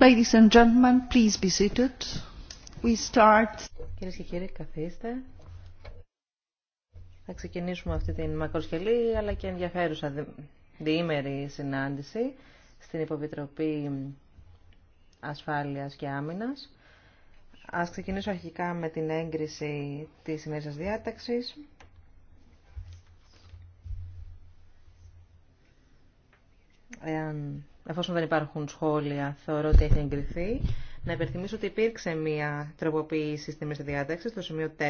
Ladies and gentlemen, please be seated. We start. Κυρίε και κύριοι, καθίστε. Θα ξεκινήσουμε αυτή την μακροσκελή αλλά και ενδιαφέρουσα διήμερη συνάντηση στην Υποβιτροπή Ασφάλειας και Άμυνας. Ας ξεκινήσω αρχικά με την έγκριση της σημερινής διάταξης. Εάν Εφόσον δεν υπάρχουν σχόλια, θεωρώ ότι έχει εγκριθεί. Να υπενθυμίσω ότι υπήρξε μία τροποποίηση στη μέση διάταξη, στο σημείο 4.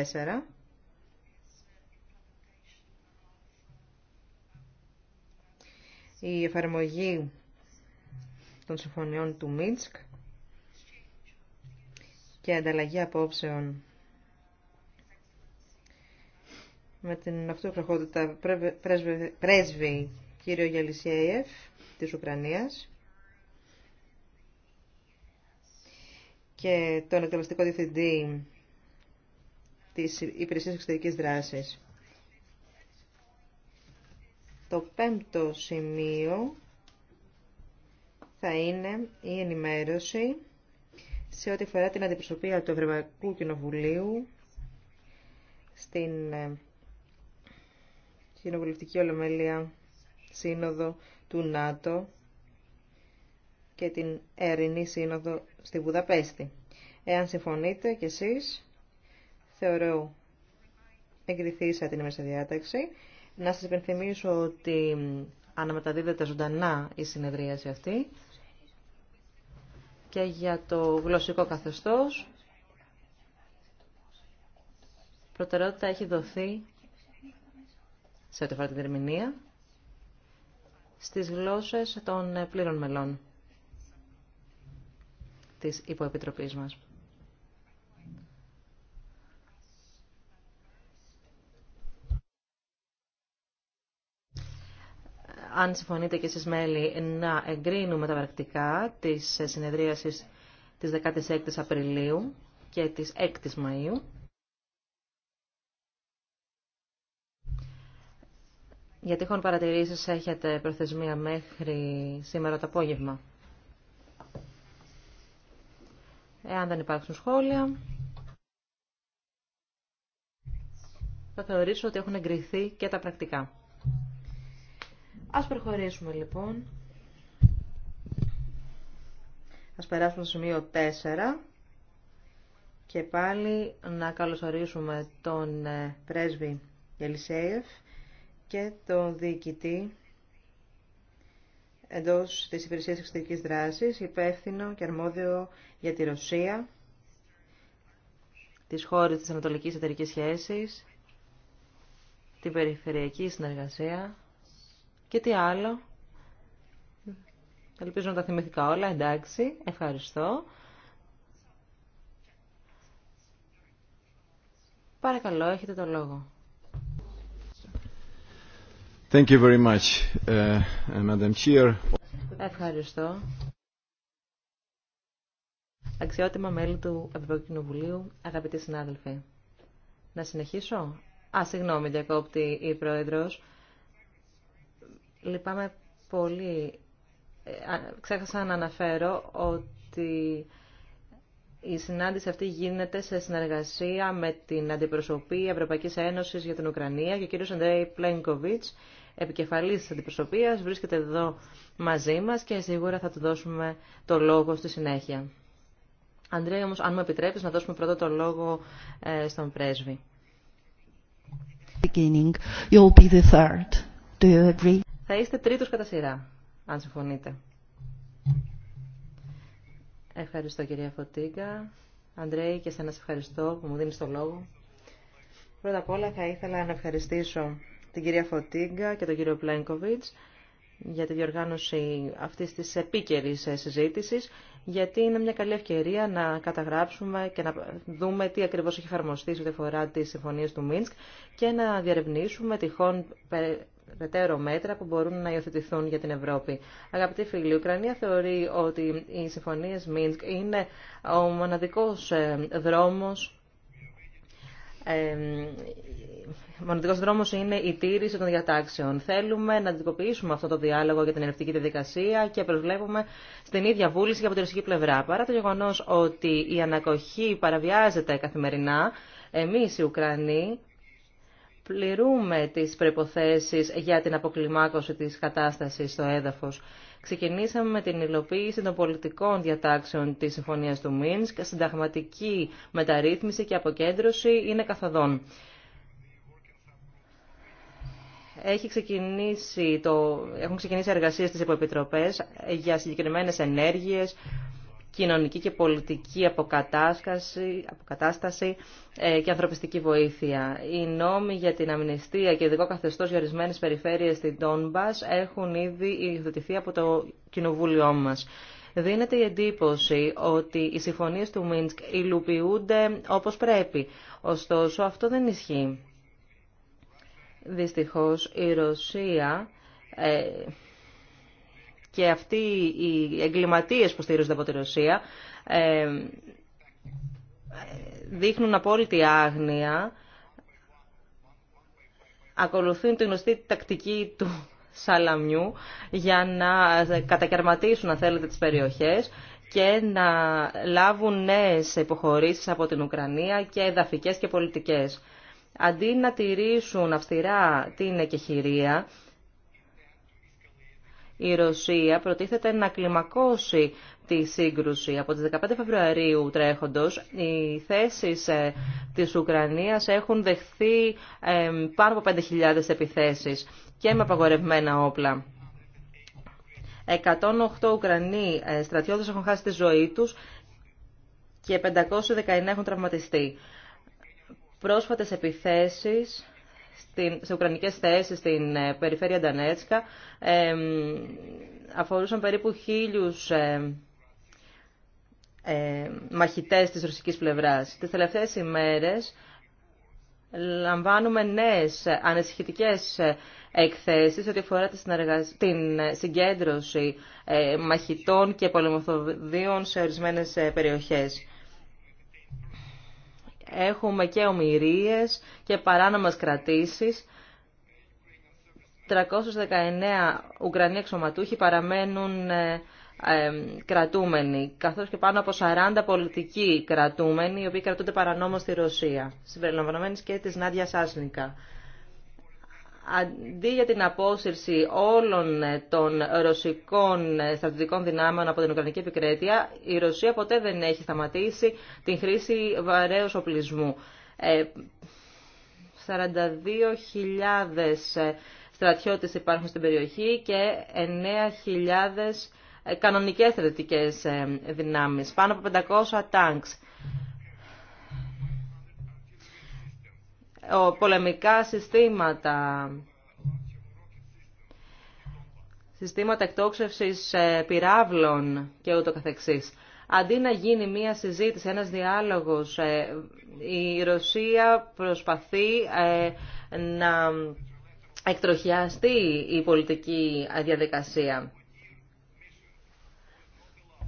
Η εφαρμογή των συμφωνιών του Μίτσκ και ανταλλαγή απόψεων με την αυτοκροχότητα πρέσβη κύριο Γελισιέιεφ της Ουκρανίας και τον εκτελεστικό διευθυντή της Υπηρεσίας Εξωτερικής Δράσης. Το πέμπτο σημείο θα είναι η ενημέρωση σε ό,τι αφορά την αντιπροσωπεία του Ευρωπαϊκού Κοινοβουλίου στην ε, Κοινοβουλευτική Ολομέλεια Σύνοδο του ΝΑΤΟ και την Ερηνή Σύνοδο στη Βουδαπέστη. Εάν συμφωνείτε κι εσείς, θεωρώ εγκριθήσα την μέσα διάταξη. Να σας υπενθυμίσω ότι αναμεταδίδεται ζωντανά η συνεδρίαση αυτή και για το γλωσσικό καθεστώς προτεραιότητα έχει δοθεί σε ό,τι αφορά την ερμηνεία στις γλώσσες των ε, πλήρων μελών της υποεπιτροπής μας. αν συμφωνείτε και εσείς μέλη, να εγκρίνουμε τα πρακτικά της συνεδρίασης της 16 Απριλίου και της 6 Μαΐου. Για τυχόν παρατηρήσεις έχετε προθεσμία μέχρι σήμερα το απόγευμα. Εάν δεν υπάρχουν σχόλια, θα θεωρήσω ότι έχουν εγκριθεί και τα πρακτικά. Ας προχωρήσουμε λοιπόν. Ας περάσουμε στο σημείο 4 και πάλι να καλωσορίσουμε τον ε, πρέσβη Γελισέιεφ και το διοικητή εντός της υπηρεσίας εξωτερικής δράσης, υπεύθυνο και αρμόδιο για τη Ρωσία, τις χώρες της Ανατολικής Εταιρικής Σχέσης, την περιφερειακή συνεργασία και τι άλλο. Ελπίζω να τα θυμηθήκα όλα, εντάξει, ευχαριστώ. Παρακαλώ, έχετε το λόγο. Thank you very much, uh, Madam Chair. Ευχαριστώ. Αξιότιμα μέλη του Ευρωπαϊκού Κοινοβουλίου, αγαπητοί συνάδελφοι. Να συνεχίσω. Α, συγγνώμη, διακόπτη η Πρόεδρος. Λυπάμαι πολύ. Ε, ξέχασα να αναφέρω ότι η συνάντηση αυτή γίνεται σε συνεργασία με την Αντιπροσωπή Ευρωπαϊκής Ένωσης για την Ουκρανία και ο κύριος Αντρέι Πλένκοβιτς, επικεφαλής της Αντιπροσωπείας, βρίσκεται εδώ μαζί μας και σίγουρα θα του δώσουμε το λόγο στη συνέχεια. Αντρέι, όμως, αν μου επιτρέπεις, να δώσουμε πρώτα το λόγο ε, στον πρέσβη. Θα είστε τρίτος κατά σειρά, αν συμφωνείτε. Ευχαριστώ κυρία Φωτίγκα. Αντρέη και σένα σε ευχαριστώ που μου δίνεις το λόγο. Πρώτα απ' όλα θα ήθελα να ευχαριστήσω την κυρία Φωτίγκα και τον κύριο Πλένκοβιτς για τη διοργάνωση αυτής της επίκαιρη συζήτησης, γιατί είναι μια καλή ευκαιρία να καταγράψουμε και να δούμε τι ακριβώς έχει εφαρμοστεί σε διαφορά τις συμφωνίες του Μίνσκ και να διαρευνήσουμε τυχόν περαιτέρω μέτρα που μπορούν να υιοθετηθούν για την Ευρώπη. Αγαπητοί φίλοι, η Ουκρανία θεωρεί ότι οι συμφωνίες Μίνσκ είναι ο μοναδικός ε, δρόμος ε, μοναδικό δρόμο είναι η τήρηση των διατάξεων. Θέλουμε να αντικοποιήσουμε αυτό το διάλογο για την ελευθερική διαδικασία και προβλέπουμε στην ίδια βούληση και από την ρωσική πλευρά. Παρά το γεγονό ότι η ανακοχή παραβιάζεται καθημερινά, εμεί οι Ουκρανοί πληρούμε τις προϋποθέσεις για την αποκλιμάκωση της κατάστασης στο έδαφος. Ξεκινήσαμε με την υλοποίηση των πολιτικών διατάξεων της Συμφωνίας του Μίνσκ, συνταγματική μεταρρύθμιση και αποκέντρωση είναι καθοδόν. Έχει ξεκινήσει το, έχουν ξεκινήσει εργασίες στις υποεπιτροπές για συγκεκριμένες ενέργειες, κοινωνική και πολιτική αποκατάσταση, αποκατάσταση ε, και ανθρωπιστική βοήθεια. Οι νόμοι για την αμνηστία και ειδικό καθεστώ για ορισμένε περιφέρειε στην Τόνμπα έχουν ήδη υιοθετηθεί από το κοινοβούλιο μα. Δίνεται η εντύπωση ότι οι συμφωνίε του Μίνσκ υλοποιούνται όπως πρέπει. Ωστόσο, αυτό δεν ισχύει. Δυστυχώς η Ρωσία ε, και αυτοί οι εγκληματίες που στηρίζονται από τη Ρωσία ε, δείχνουν απόλυτη άγνοια, ακολουθούν τη γνωστή τακτική του σαλαμιού για να κατακαιρματίσουν, αν θέλετε, τις περιοχές και να λάβουν νέες υποχωρήσεις από την Ουκρανία και εδαφικές και πολιτικές. Αντί να τηρήσουν αυστηρά την εκεχηρία, η Ρωσία προτίθεται να κλιμακώσει τη σύγκρουση. Από τις 15 Φεβρουαρίου τρέχοντος, οι θέσεις ε, της Ουκρανίας έχουν δεχθεί ε, πάνω από 5.000 επιθέσεις και με απαγορευμένα όπλα. 108 Ουκρανοί ε, στρατιώτες έχουν χάσει τη ζωή τους και 519 έχουν τραυματιστεί. Πρόσφατες επιθέσεις σε ουκρανικές θέσεις στην ε, περιφέρεια Ντανέτσκα αφορούσαν περίπου χίλιους ε, ε, μαχητές της ρωσικής πλευράς. Τις τελευταίες ημέρες λαμβάνουμε νέες ανησυχητικές εκθέσεις ό,τι αφορά την συγκέντρωση μαχητών και πολεμοθοδίων σε ορισμένες περιοχές έχουμε και ομοιρίες και παράνομες κρατήσεις. 319 Ουκρανοί εξωματούχοι παραμένουν ε, ε, κρατούμενοι, καθώς και πάνω από 40 πολιτικοί κρατούμενοι, οι οποίοι κρατούνται παρανόμως στη Ρωσία, συμπεριλαμβανομένης και της Νάντια Σάσνικα αντί για την απόσυρση όλων των ρωσικών στρατιωτικών δυνάμεων από την Ουκρανική επικράτεια, η Ρωσία ποτέ δεν έχει σταματήσει την χρήση βαρέως οπλισμού. 42.000 ε, στρατιώτες υπάρχουν στην περιοχή και 9.000 κανονικές στρατιωτικές ε, δυνάμεις, πάνω από 500 τάγκς. πολεμικά συστήματα, συστήματα εκτόξευσης ε, πυράβλων και ούτω καθεξής. Αντί να γίνει μία συζήτηση, ένας διάλογος, ε, η Ρωσία προσπαθεί ε, να εκτροχιαστεί η πολιτική διαδικασία.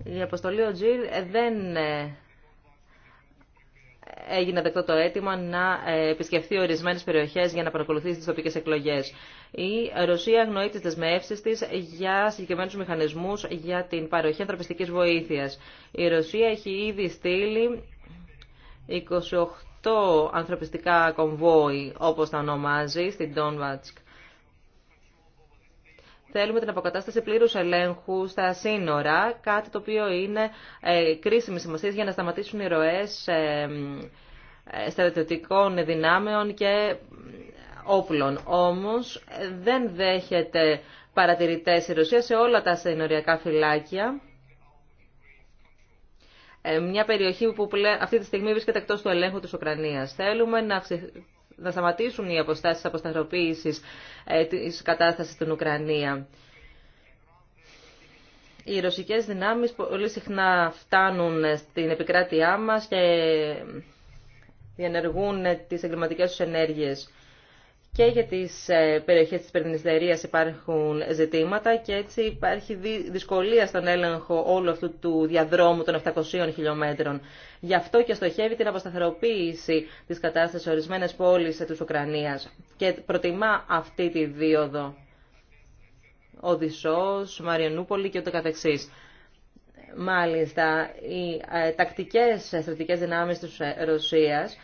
Η αποστολή ε, δεν έγινε δεκτό το αίτημα να ε, επισκεφθεί ορισμένες περιοχές για να παρακολουθήσει τις τοπικέ εκλογές. Η Ρωσία αγνοεί τι δεσμεύσει τη για συγκεκριμένου μηχανισμούς για την παροχή ανθρωπιστική βοήθεια. Η Ρωσία έχει ήδη στείλει 28 ανθρωπιστικά κομβόι, όπως τα ονομάζει, στην Τόνβατσκ Θέλουμε την αποκατάσταση πλήρους ελέγχου στα σύνορα, κάτι το οποίο είναι ε, κρίσιμη σημασία για να σταματήσουν οι ροές ε, ε, στρατιωτικών δυνάμεων και όπλων. Όμως δεν δέχεται παρατηρητές η Ρωσία σε όλα τα συνοριακά φυλάκια. Μια περιοχή που αυτή τη στιγμή βρίσκεται εκτός του ελέγχου της Ουκρανίας. Θέλουμε να να σταματήσουν οι αποστάσεις αποσταθεροποίησης ε, της κατάστασης στην Ουκρανία. Οι ρωσικές δυνάμεις πολύ συχνά φτάνουν στην επικράτειά μας και διενεργούν τις εγκληματικές τους ενέργειες και για τις ε, περιοχές της Περνιστερίας υπάρχουν ζητήματα και έτσι υπάρχει δυσκολία στον έλεγχο όλου αυτού του διαδρόμου των 700 χιλιόμετρων. Γι' αυτό και στοχεύει την αποσταθεροποίηση της κατάστασης σε ορισμένες πόλεις της Ουκρανίας και προτιμά αυτή τη δίωδο. Οδυσσός, Μαριανούπολη και ούτε καθεξής. Μάλιστα, οι ε, τακτικές στρατικές δυνάμεις της ε, Ρωσίας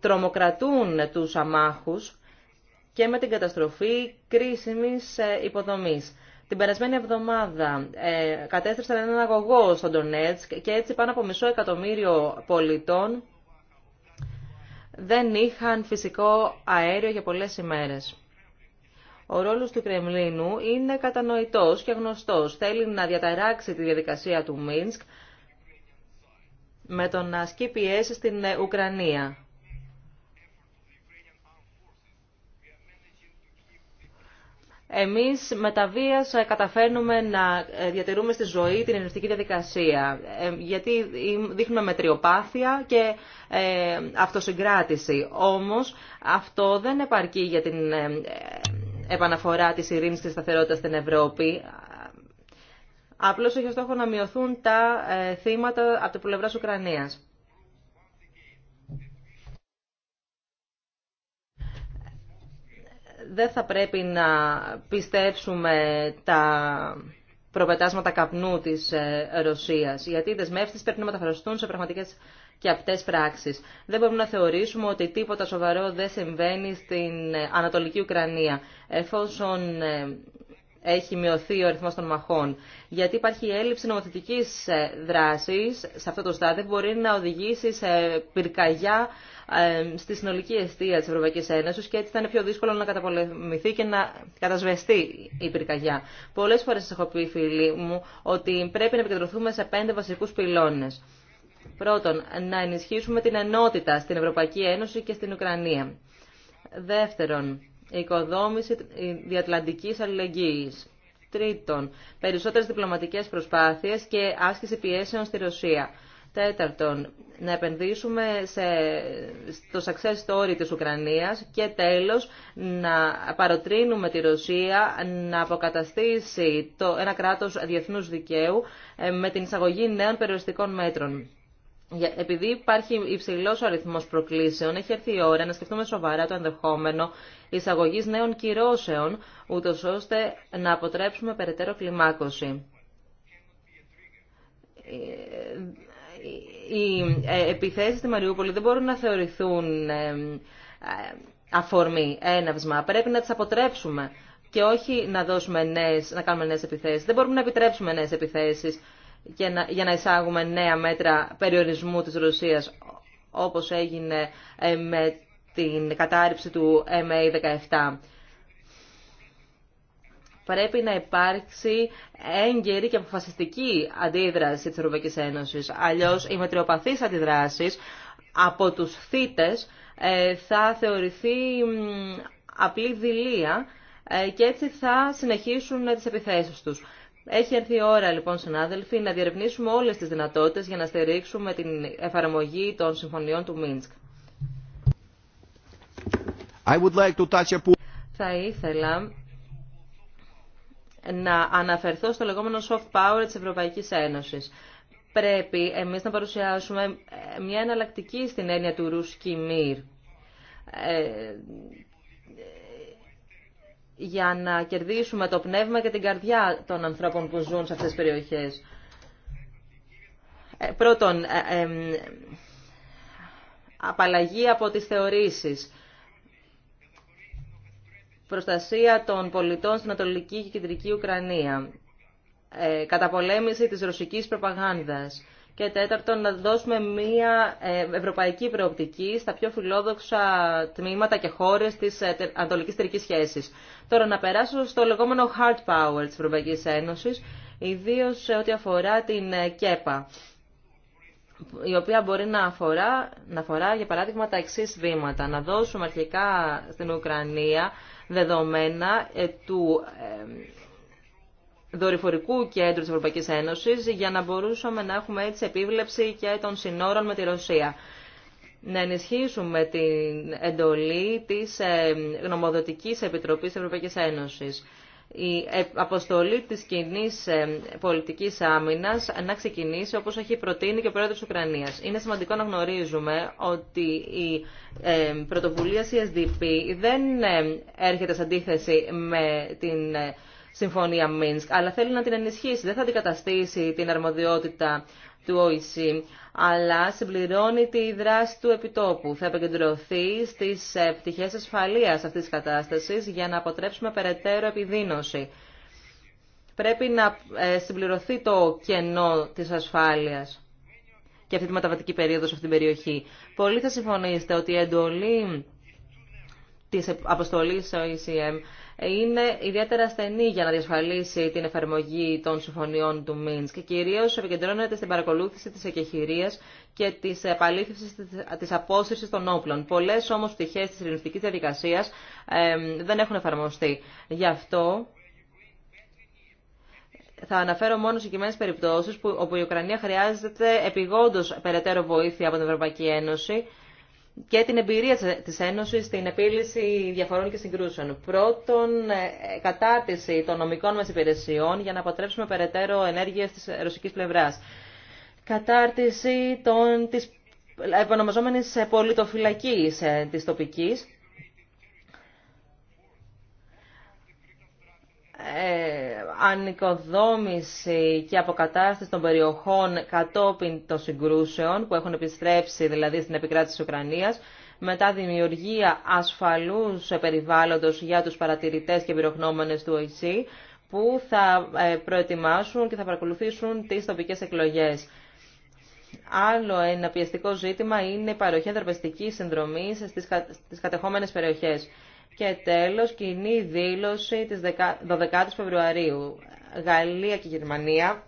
τρομοκρατούν τους αμάχους και με την καταστροφή κρίσιμης ε, υποδομής. Την περασμένη εβδομάδα ε, κατέστρεψαν έναν αγωγό στον Ντονέτσκ και έτσι πάνω από μισό εκατομμύριο πολιτών δεν είχαν φυσικό αέριο για πολλές ημέρες. Ο ρόλος του Κρεμλίνου είναι κατανοητός και γνωστός. Θέλει να διαταράξει τη διαδικασία του Μίνσκ με το να ασκεί πιέσει στην ε, Ουκρανία. Εμείς με τα βίας ε, καταφέρνουμε να ε, διατηρούμε στη ζωή την ενεργητική διαδικασία, ε, γιατί δείχνουμε μετριοπάθεια και αυτοσυγκράτηση. Όμως αυτό δεν επαρκεί για την επαναφορά της ειρήνης και της σταθερότητας στην Ευρώπη. Απλώς έχει στόχο να μειωθούν τα θύματα από την πλευρά Ουκρανίας. δεν θα πρέπει να πιστέψουμε τα προπετάσματα καπνού της ε, Ρωσίας, γιατί οι δεσμεύσεις πρέπει να μεταφραστούν σε πραγματικές και απτές πράξεις. Δεν μπορούμε να θεωρήσουμε ότι τίποτα σοβαρό δεν συμβαίνει στην ε, Ανατολική Ουκρανία, εφόσον ε, έχει μειωθεί ο αριθμός των μαχών. Γιατί υπάρχει έλλειψη νομοθετικής ε, δράσης σε αυτό το στάδιο που μπορεί να οδηγήσει σε πυρκαγιά ε, στη συνολική αιστεία της Ευρωπαϊκής Ένωσης και έτσι θα είναι πιο δύσκολο να καταπολεμηθεί και να κατασβεστεί η πυρκαγιά. Πολλές φορές σας έχω πει, φίλοι μου, ότι πρέπει να επικεντρωθούμε σε πέντε βασικούς πυλώνες. Πρώτον, να ενισχύσουμε την ενότητα στην Ευρωπαϊκή Ένωση και στην Ουκρανία. Δεύτερον, οικοδόμηση διατλαντικής αλληλεγγύης. Τρίτον, περισσότερες διπλωματικές προσπάθειες και άσκηση πιέσεων στη Ρωσία. Τέταρτον, να επενδύσουμε σε, στο success story της Ουκρανίας και τέλος να παροτρύνουμε τη Ρωσία να αποκαταστήσει το, ένα κράτος διεθνούς δικαίου ε, με την εισαγωγή νέων περιοριστικών μέτρων επειδή υπάρχει υψηλό αριθμό προκλήσεων, έχει έρθει η ώρα να σκεφτούμε σοβαρά το ενδεχόμενο εισαγωγή νέων κυρώσεων, ούτω ώστε να αποτρέψουμε περαιτέρω κλιμάκωση. Ε, ε, οι ε, επιθέσει στη Μαριούπολη δεν μπορούν να θεωρηθούν αφορμή, έναυσμα. Πρέπει να τι αποτρέψουμε και όχι να, δώσουμε νέες, να κάνουμε νέε επιθέσει. Δεν μπορούμε να επιτρέψουμε νέε επιθέσει για να, για να εισάγουμε νέα μέτρα περιορισμού της Ρωσίας, όπως έγινε ε, με την κατάρριψη του MA17. Πρέπει να υπάρξει έγκαιρη και αποφασιστική αντίδραση της Ευρωπαϊκής Ένωσης. Αλλιώς οι μετριοπαθείς αντιδράσεις από τους θύτες ε, θα θεωρηθεί απλή δηλία ε, και έτσι θα συνεχίσουν τις επιθέσεις τους. Έχει έρθει η ώρα λοιπόν συνάδελφοι να διερευνήσουμε όλες τις δυνατότητες για να στηρίξουμε την εφαρμογή των συμφωνιών του Μίνσκ. Θα ήθελα να αναφερθώ στο λεγόμενο soft power της Ευρωπαϊκής Ένωσης. Πρέπει εμείς να παρουσιάσουμε μια εναλλακτική στην έννοια του Ρουσκιμίρ ε, για να κερδίσουμε το πνεύμα και την καρδιά των ανθρώπων που ζουν σε αυτές τις περιοχές. Ε, πρώτον, ε, ε, απαλλαγή από τις θεωρήσεις. Προστασία των πολιτών στην Ανατολική και Κεντρική Ουκρανία. Καταπολέμηση της ρωσικής προπαγάνδας. Και τέταρτον, να δώσουμε μια ε, ευρωπαϊκή προοπτική στα πιο φιλόδοξα τμήματα και χώρε τη ε, Ανατολική Τερική Σχέση. Τώρα, να περάσω στο λεγόμενο hard power τη Ευρωπαϊκή Ένωση, ιδίω σε ό,τι αφορά την ε, ΚΕΠΑ, η οποία μπορεί να αφορά, να αφορά για παράδειγμα, τα εξή βήματα. Να δώσουμε αρχικά στην Ουκρανία δεδομένα του δορυφορικού κέντρου της Ευρωπαϊκής Ένωσης για να μπορούσαμε να έχουμε έτσι επίβλεψη και των συνόρων με τη Ρωσία. Να ενισχύσουμε την εντολή της ε, Γνωμοδοτικής Επιτροπής της Ευρωπαϊκής Ένωσης. Η ε, αποστολή της κοινή ε, πολιτικής άμυνας να ξεκινήσει όπως έχει προτείνει και ο πρόεδρος της Ουκρανίας. Είναι σημαντικό να γνωρίζουμε ότι η πρωτοβουλία CSDP δεν έρχεται σε αντίθεση με την Συμφωνία Μίνσκ, αλλά θέλει να την ενισχύσει. Δεν θα αντικαταστήσει την αρμοδιότητα του ΟΗΣΥ, αλλά συμπληρώνει τη δράση του επιτόπου. Θα επικεντρωθεί στι ε, πτυχε ασφαλεία αυτή τη κατάσταση για να αποτρέψουμε περαιτέρω επιδείνωση. Πρέπει να ε, συμπληρωθεί το κενό της ασφάλειας και αυτή τη μεταβατική περίοδο σε αυτήν την περιοχή. Πολλοί θα συμφωνήσετε ότι η εντολή της αποστολής OECM είναι ιδιαίτερα στενή για να διασφαλίσει την εφαρμογή των συμφωνιών του Μίνσκ και κυρίως επικεντρώνεται στην παρακολούθηση της εκεχηρίας και της επαλήθευσης της απόσυρσης των όπλων. Πολλές όμως πτυχές της ειρηνευτικής διαδικασίας δεν έχουν εφαρμοστεί. Γι' αυτό θα αναφέρω μόνο συγκεκριμένε περιπτώσεις όπου η Ουκρανία χρειάζεται επιγόντως περαιτέρω βοήθεια από την Ευρωπαϊκή Ένωση και την εμπειρία της Ένωσης στην επίλυση διαφορών και συγκρούσεων. Πρώτον, ε, κατάρτιση των νομικών μας υπηρεσιών για να αποτρέψουμε περαιτέρω ενέργειες της ρωσικής πλευράς. Κατάρτιση των, της επωνομαζόμενης ε, πολιτοφυλακής ε, της τοπικής Ε, ανοικοδόμηση και αποκατάσταση των περιοχών κατόπιν των συγκρούσεων που έχουν επιστρέψει δηλαδή στην επικράτηση της Ουκρανίας μετά δημιουργία ασφαλούς περιβάλλοντος για τους παρατηρητές και πυρογνώμονες του ΟΗΣΥ που θα ε, προετοιμάσουν και θα παρακολουθήσουν τις τοπικές εκλογές. Άλλο ένα πιεστικό ζήτημα είναι η παροχή ανθρωπιστικής συνδρομής στις κατεχόμενες περιοχές. Και τέλος, κοινή δήλωση της 12 Φεβρουαρίου. Γαλλία και Γερμανία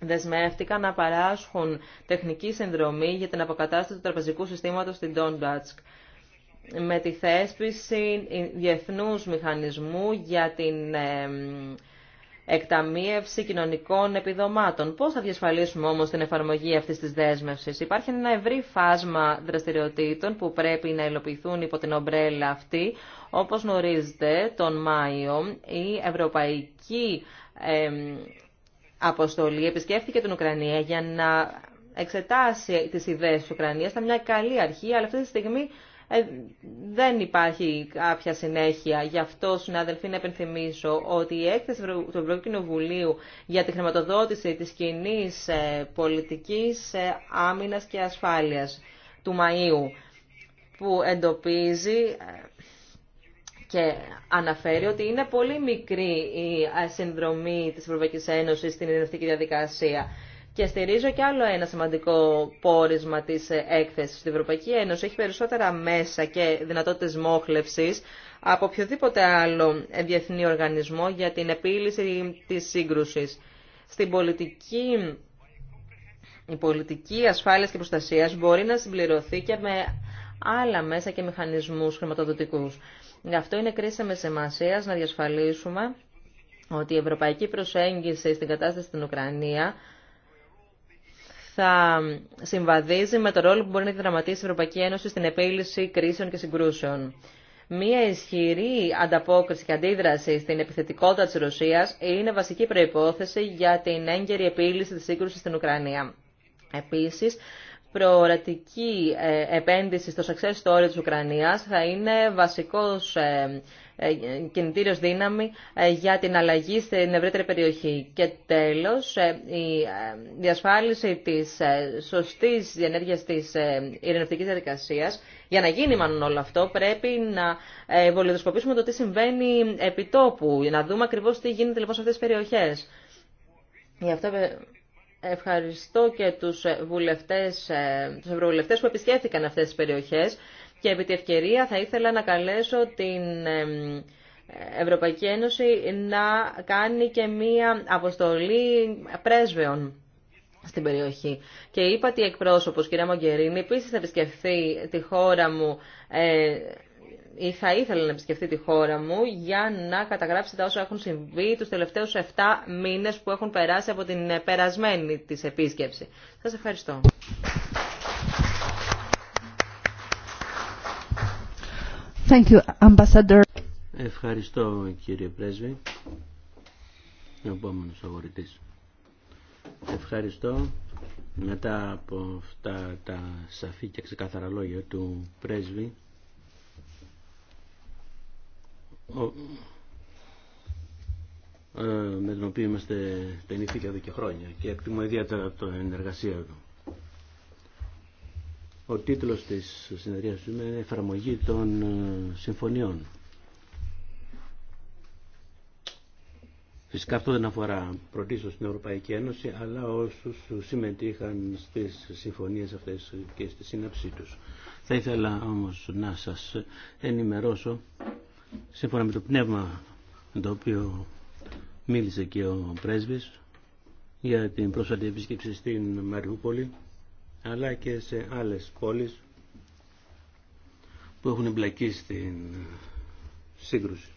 δεσμεύτηκαν να παράσχουν τεχνική συνδρομή για την αποκατάσταση του τραπεζικού συστήματος στην Donbass με τη θέσπιση διεθνούς μηχανισμού για την Εκταμείευση κοινωνικών επιδομάτων. Πώς θα διασφαλίσουμε όμως την εφαρμογή αυτής της δέσμευσης. Υπάρχει ένα ευρύ φάσμα δραστηριοτήτων που πρέπει να υλοποιηθούν υπό την ομπρέλα αυτή. Όπως γνωρίζετε, τον Μάιο η Ευρωπαϊκή Αποστολή επισκέφθηκε την Ουκρανία για να εξετάσει τις ιδέες της Ουκρανίας. Ήταν μια καλή αρχή, αλλά αυτή τη στιγμή ε, δεν υπάρχει κάποια συνέχεια. Γι' αυτό, συνάδελφοι, να επενθυμίσω ότι η έκθεση του Ευρωπαϊκού για τη χρηματοδότηση της κοινή ε, πολιτικής ε, άμυνας και ασφάλειας του Μαΐου, που εντοπίζει και αναφέρει ότι είναι πολύ μικρή η συνδρομή της Ευρωπαϊκής Ένωσης στην ειρηνευτική διαδικασία. Και στηρίζω και άλλο ένα σημαντικό πόρισμα τη έκθεση. Η Ευρωπαϊκή Ένωση έχει περισσότερα μέσα και δυνατότητες μόχλευσης από οποιοδήποτε άλλο διεθνή οργανισμό για την επίλυση της σύγκρουση. Στην πολιτική, η πολιτική ασφάλειας και προστασίας μπορεί να συμπληρωθεί και με άλλα μέσα και μηχανισμούς χρηματοδοτικούς. Γι' αυτό είναι κρίσιμη σημασία να διασφαλίσουμε ότι η ευρωπαϊκή προσέγγιση στην κατάσταση στην Ουκρανία θα συμβαδίζει με το ρόλο που μπορεί να δραματίσει η Ευρωπαϊκή Ένωση στην επίλυση κρίσεων και συγκρούσεων. Μία ισχυρή ανταπόκριση και αντίδραση στην επιθετικότητα της Ρωσίας είναι βασική προϋπόθεση για την έγκαιρη επίλυση της σύγκρουσης στην Ουκρανία. Επίσης, προορατική ε, επένδυση στο success story της Ουκρανίας θα είναι βασικός ε, ε, κινητήριος δύναμη ε, για την αλλαγή στην ευρύτερη περιοχή. Και τέλος, ε, η διασφάλιση της σωστής διενέργειας της ειρηνευτικής διαδικασίας. Για να γίνει μάλλον όλο αυτό, πρέπει να βολιδοσκοπήσουμε το τι συμβαίνει επί τόπου, να δούμε ακριβώς τι γίνεται λοιπόν σε αυτές τις περιοχές. Γι' αυτό ευχαριστώ και τους βουλευτές, τους ευρωβουλευτές που επισκέφθηκαν αυτές τις περιοχές και επί τη ευκαιρία θα ήθελα να καλέσω την Ευρωπαϊκή Ένωση να κάνει και μία αποστολή πρέσβεων στην περιοχή. Και είπα ότι εκπρόσωπος, κυρία Μογκερίνη, επίση θα επισκεφθεί τη χώρα μου ε, ή θα ήθελε να επισκεφθεί τη χώρα μου για να καταγράψει τα όσα έχουν συμβεί τους τελευταίους 7 μήνες που έχουν περάσει από την περασμένη της επίσκεψη. Σας ευχαριστώ. Thank you, Ambassador. Ευχαριστώ κύριε Πρέσβη. Επόμενο αγορητή. Ευχαριστώ. Μετά από αυτά τα σαφή και ξεκάθαρα λόγια του Πρέσβη, ε, με τον οποίο είμαστε πενήθηκα εδώ και χρόνια και εκτιμώ ιδιαίτερα την εργασία του. Ο τίτλος της συνεδρίας είναι «Εφαρμογή των ε, συμφωνιών». Φυσικά αυτό δεν αφορά πρωτίστως την Ευρωπαϊκή Ένωση, αλλά όσους συμμετείχαν στις συμφωνίες αυτές και στη σύναψή τους. Θα ήθελα όμως να σας ενημερώσω, σύμφωνα με το πνεύμα το οποίο μίλησε και ο πρέσβης, για την πρόσφατη επίσκεψη στην Μαριούπολη, αλλά και σε άλλες πόλεις που έχουν εμπλακεί στην σύγκρουση.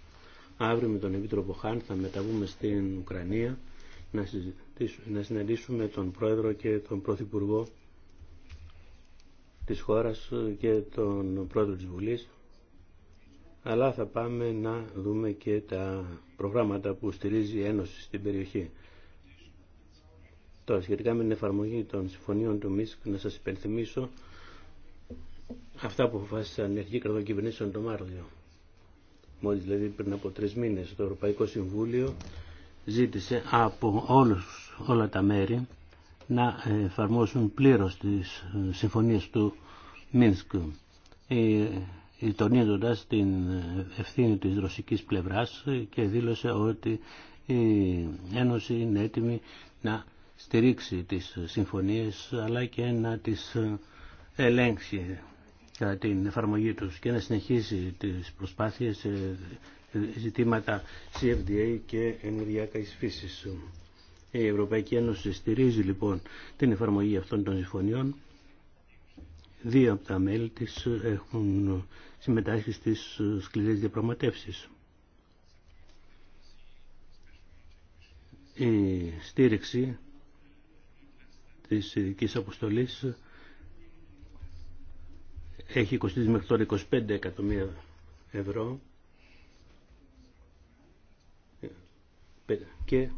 Αύριο με τον Επίτροπο Χάν θα μεταβούμε στην Ουκρανία να, να συναντήσουμε τον Πρόεδρο και τον Πρωθυπουργό της χώρας και τον Πρόεδρο της Βουλής αλλά θα πάμε να δούμε και τα προγράμματα που στηρίζει η Ένωση στην περιοχή. Τώρα, σχετικά με την εφαρμογή των συμφωνίων του ΜΙΣΚ, να σας υπενθυμίσω αυτά που αποφάσισαν οι αρχικοί κρατών το Μάρτιο. Μόλις δηλαδή πριν από τρεις μήνες το Ευρωπαϊκό Συμβούλιο ζήτησε από όλους, όλα τα μέρη να εφαρμόσουν πλήρως τις συμφωνίες του Μίνσκ ε, τονίζοντας την ευθύνη της ρωσικής πλευράς και δήλωσε ότι η Ένωση είναι έτοιμη να στηρίξει τις συμφωνίες αλλά και να τις ε, ελέγξει κατά την εφαρμογή τους και να συνεχίσει τις προσπάθειες σε ε, ζητήματα CFDA και ενεργειακής φύσης. Η Ευρωπαϊκή Ένωση στηρίζει λοιπόν την εφαρμογή αυτών των συμφωνιών. Δύο από τα μέλη της έχουν συμμετάσχει στις σκληρές διαπραγματεύσεις. Η στήριξη της ειδική αποστολής έχει κοστίσει μέχρι τώρα 25 εκατομμύρια ευρώ και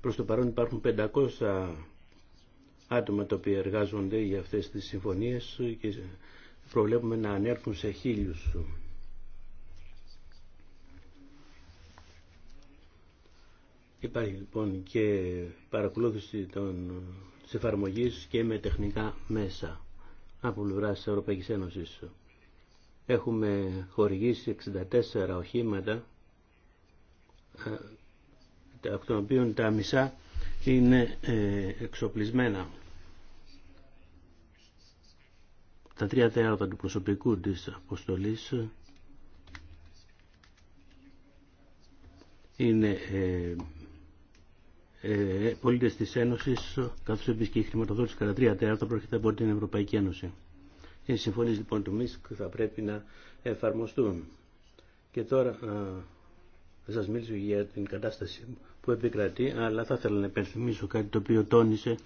προς το παρόν υπάρχουν 500 άτομα τα οποία εργάζονται για αυτές τις συμφωνίες και προβλέπουμε να ανέρθουν σε χίλιους Υπάρχει λοιπόν και παρακολούθηση των, της και με τεχνικά μέσα από πλευρά της Ευρωπαϊκής Ένωσης. Έχουμε χορηγήσει 64 οχήματα, ε, από των οποίων τα μισά είναι ε, εξοπλισμένα. Τα τρία θέατα του προσωπικού της αποστολής είναι ε, ε, πολίτε τη Ένωση, καθώς επίση και η χρηματοδότηση κατά τρία τέταρτα πρόκειται από την Ευρωπαϊκή Ένωση. Οι συμφωνίες λοιπόν του ΜΙΣΚ θα πρέπει να εφαρμοστούν. Και τώρα θα σα μιλήσω για την κατάσταση που επικρατεί, αλλά θα ήθελα να υπενθυμίσω κάτι το οποίο τόνισε,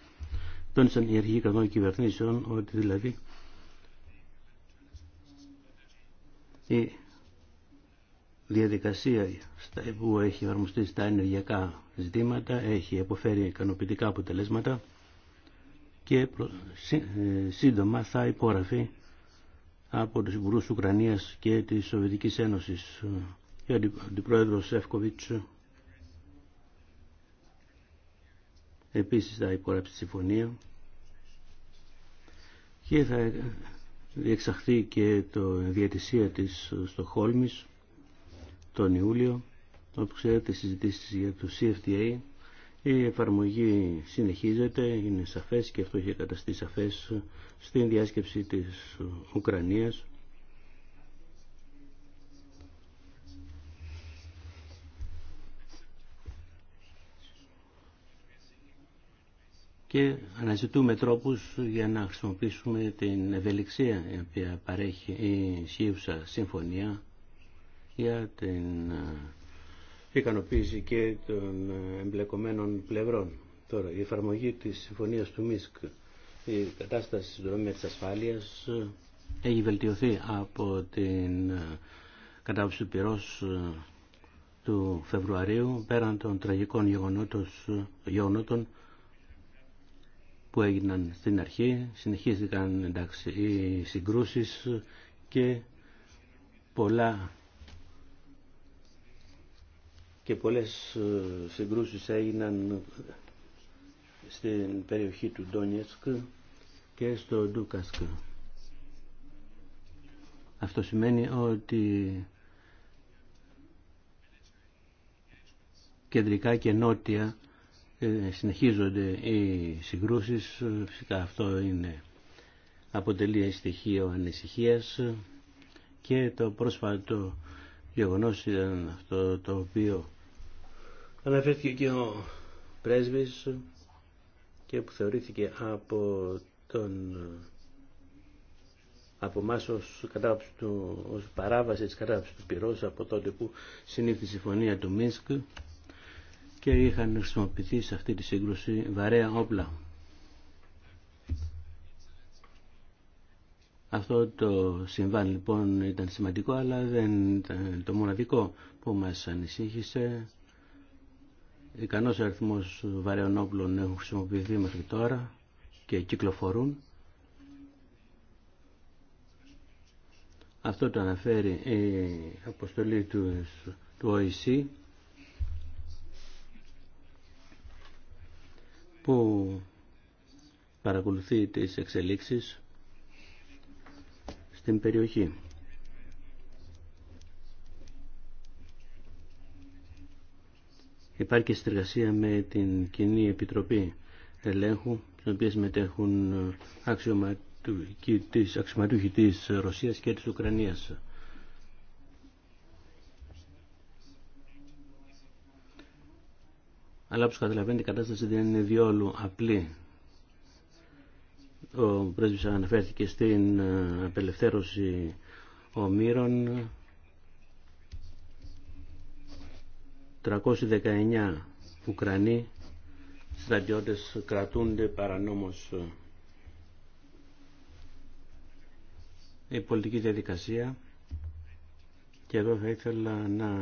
τόνισαν οι αρχηγοί κρατών κυβερνήσεων, ότι δηλαδή η διαδικασία που έχει εφαρμοστεί στα ενεργειακά ζητήματα έχει αποφέρει ικανοποιητικά αποτελέσματα και ε, σύντομα θα υπόγραφει από τους υπουργούς Ουκρανίας και της Σοβιετικής Ένωσης. Ο αντιπρόεδρος Εύκοβιτς επίσης θα υπογράψει τη συμφωνία και θα διεξαχθεί και το διατησία της στο Στοχόλμης τον Ιούλιο όπως ξέρετε συζητήσεις για το CFTA η εφαρμογή συνεχίζεται, είναι σαφές και αυτό έχει καταστεί σαφές στην διάσκεψη της Ουκρανίας και αναζητούμε τρόπους για να χρησιμοποιήσουμε την ευελιξία η οποία παρέχει η συμφωνία για την ε, ικανοποίηση και των ε, εμπλεκομένων πλευρών. Τώρα, η εφαρμογή της συμφωνίας του ΜΙΣΚ, η κατάσταση στην δομή της ασφάλειας ε, έχει βελτιωθεί από την κατάψη του του Φεβρουαρίου πέραν των τραγικών γεγονότων που έγιναν στην αρχή. Συνεχίστηκαν εντάξει, οι συγκρούσεις και πολλά και πολλές ε, συγκρούσεις έγιναν στην περιοχή του Ντόνιεσκ και στο Ντούκασκ. Αυτό σημαίνει ότι κεντρικά και νότια ε, συνεχίζονται οι συγκρούσεις. Ε, φυσικά αυτό είναι αποτελεί στοιχείο ανησυχίας και το πρόσφατο γεγονός ήταν αυτό το οποίο Αναφέρθηκε και ο πρέσβης και που θεωρήθηκε από τον από εμά ως, ως παράβαση της κατάψης του πυρός από τότε που συνήθισε η συμφωνία του Μίνσκ και είχαν χρησιμοποιηθεί σε αυτή τη σύγκρουση βαρέα όπλα. Αυτό το συμβάν λοιπόν ήταν σημαντικό αλλά δεν ήταν το μοναδικό που μας ανησύχησε ικανός αριθμός βαρέων όπλων έχουν χρησιμοποιηθεί μέχρι τώρα και κυκλοφορούν. Αυτό το αναφέρει η αποστολή του, του που παρακολουθεί τις εξελίξεις στην περιοχή. Υπάρχει και συνεργασία με την Κοινή Επιτροπή Ελέγχου, στην οποία συμμετέχουν ε, αξιωματούχοι της, Ρωσία Ρωσίας και της Ουκρανίας. Αλλά όπως καταλαβαίνετε η κατάσταση δεν είναι διόλου απλή. Ο πρέσβης αναφέρθηκε στην ε, απελευθέρωση ομήρων 319 Ουκρανοί στρατιώτες κρατούνται παρανόμως. Η πολιτική διαδικασία και εδώ θα ήθελα να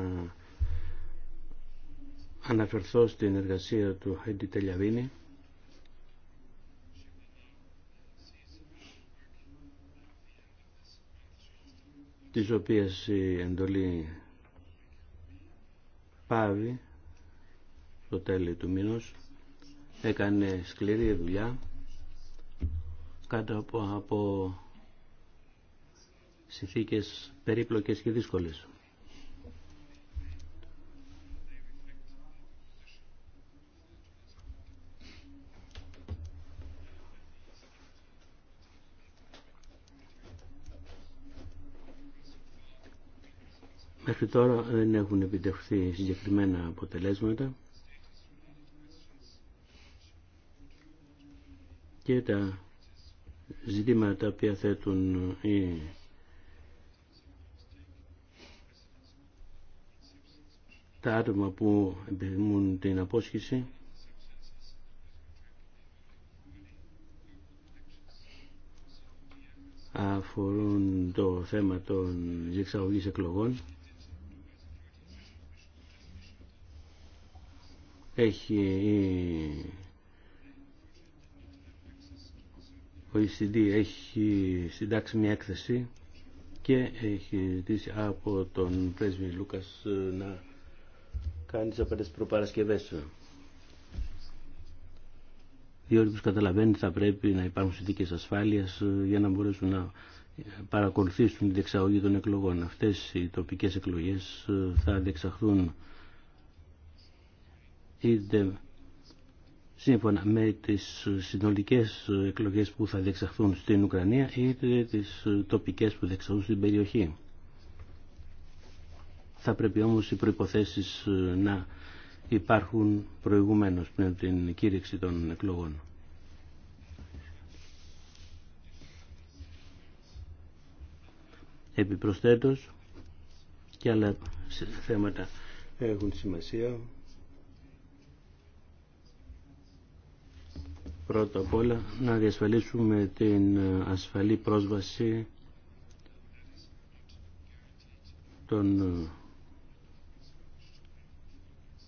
αναφερθώ στην εργασία του Χέντι Τελιαβίνη της οποίας η εντολή Πάβη το τέλειο του μήνους έκανε σκληρή δουλειά κάτω από, από συνθήκες περίπλοκες και δύσκολες. Μέχρι τώρα δεν έχουν επιτευχθεί συγκεκριμένα αποτελέσματα και τα ζητήματα τα οποία θέτουν τα άτομα που επιθυμούν την απόσχηση αφορούν το θέμα των διεξαγωγής εκλογών έχει η ο ECD έχει συντάξει μια έκθεση και έχει ζητήσει από τον πρέσβη Λούκας να κάνει τις απαραίτητες προπαρασκευές. Διότι όπως καταλαβαίνει θα πρέπει να υπάρχουν συνθήκες ασφάλειας για να μπορέσουν να παρακολουθήσουν την διεξαγωγή των εκλογών. Αυτές οι τοπικές εκλογές θα διεξαχθούν είτε σύμφωνα με τις συνολικές εκλογές που θα διεξαχθούν στην Ουκρανία είτε τις τοπικές που διεξαχθούν στην περιοχή. Θα πρέπει όμως οι προϋποθέσεις να υπάρχουν προηγουμένως πριν την κήρυξη των εκλογών. Επιπροσθέτως και άλλα θέματα έχουν σημασία πρώτα απ' όλα να διασφαλίσουμε την ασφαλή πρόσβαση των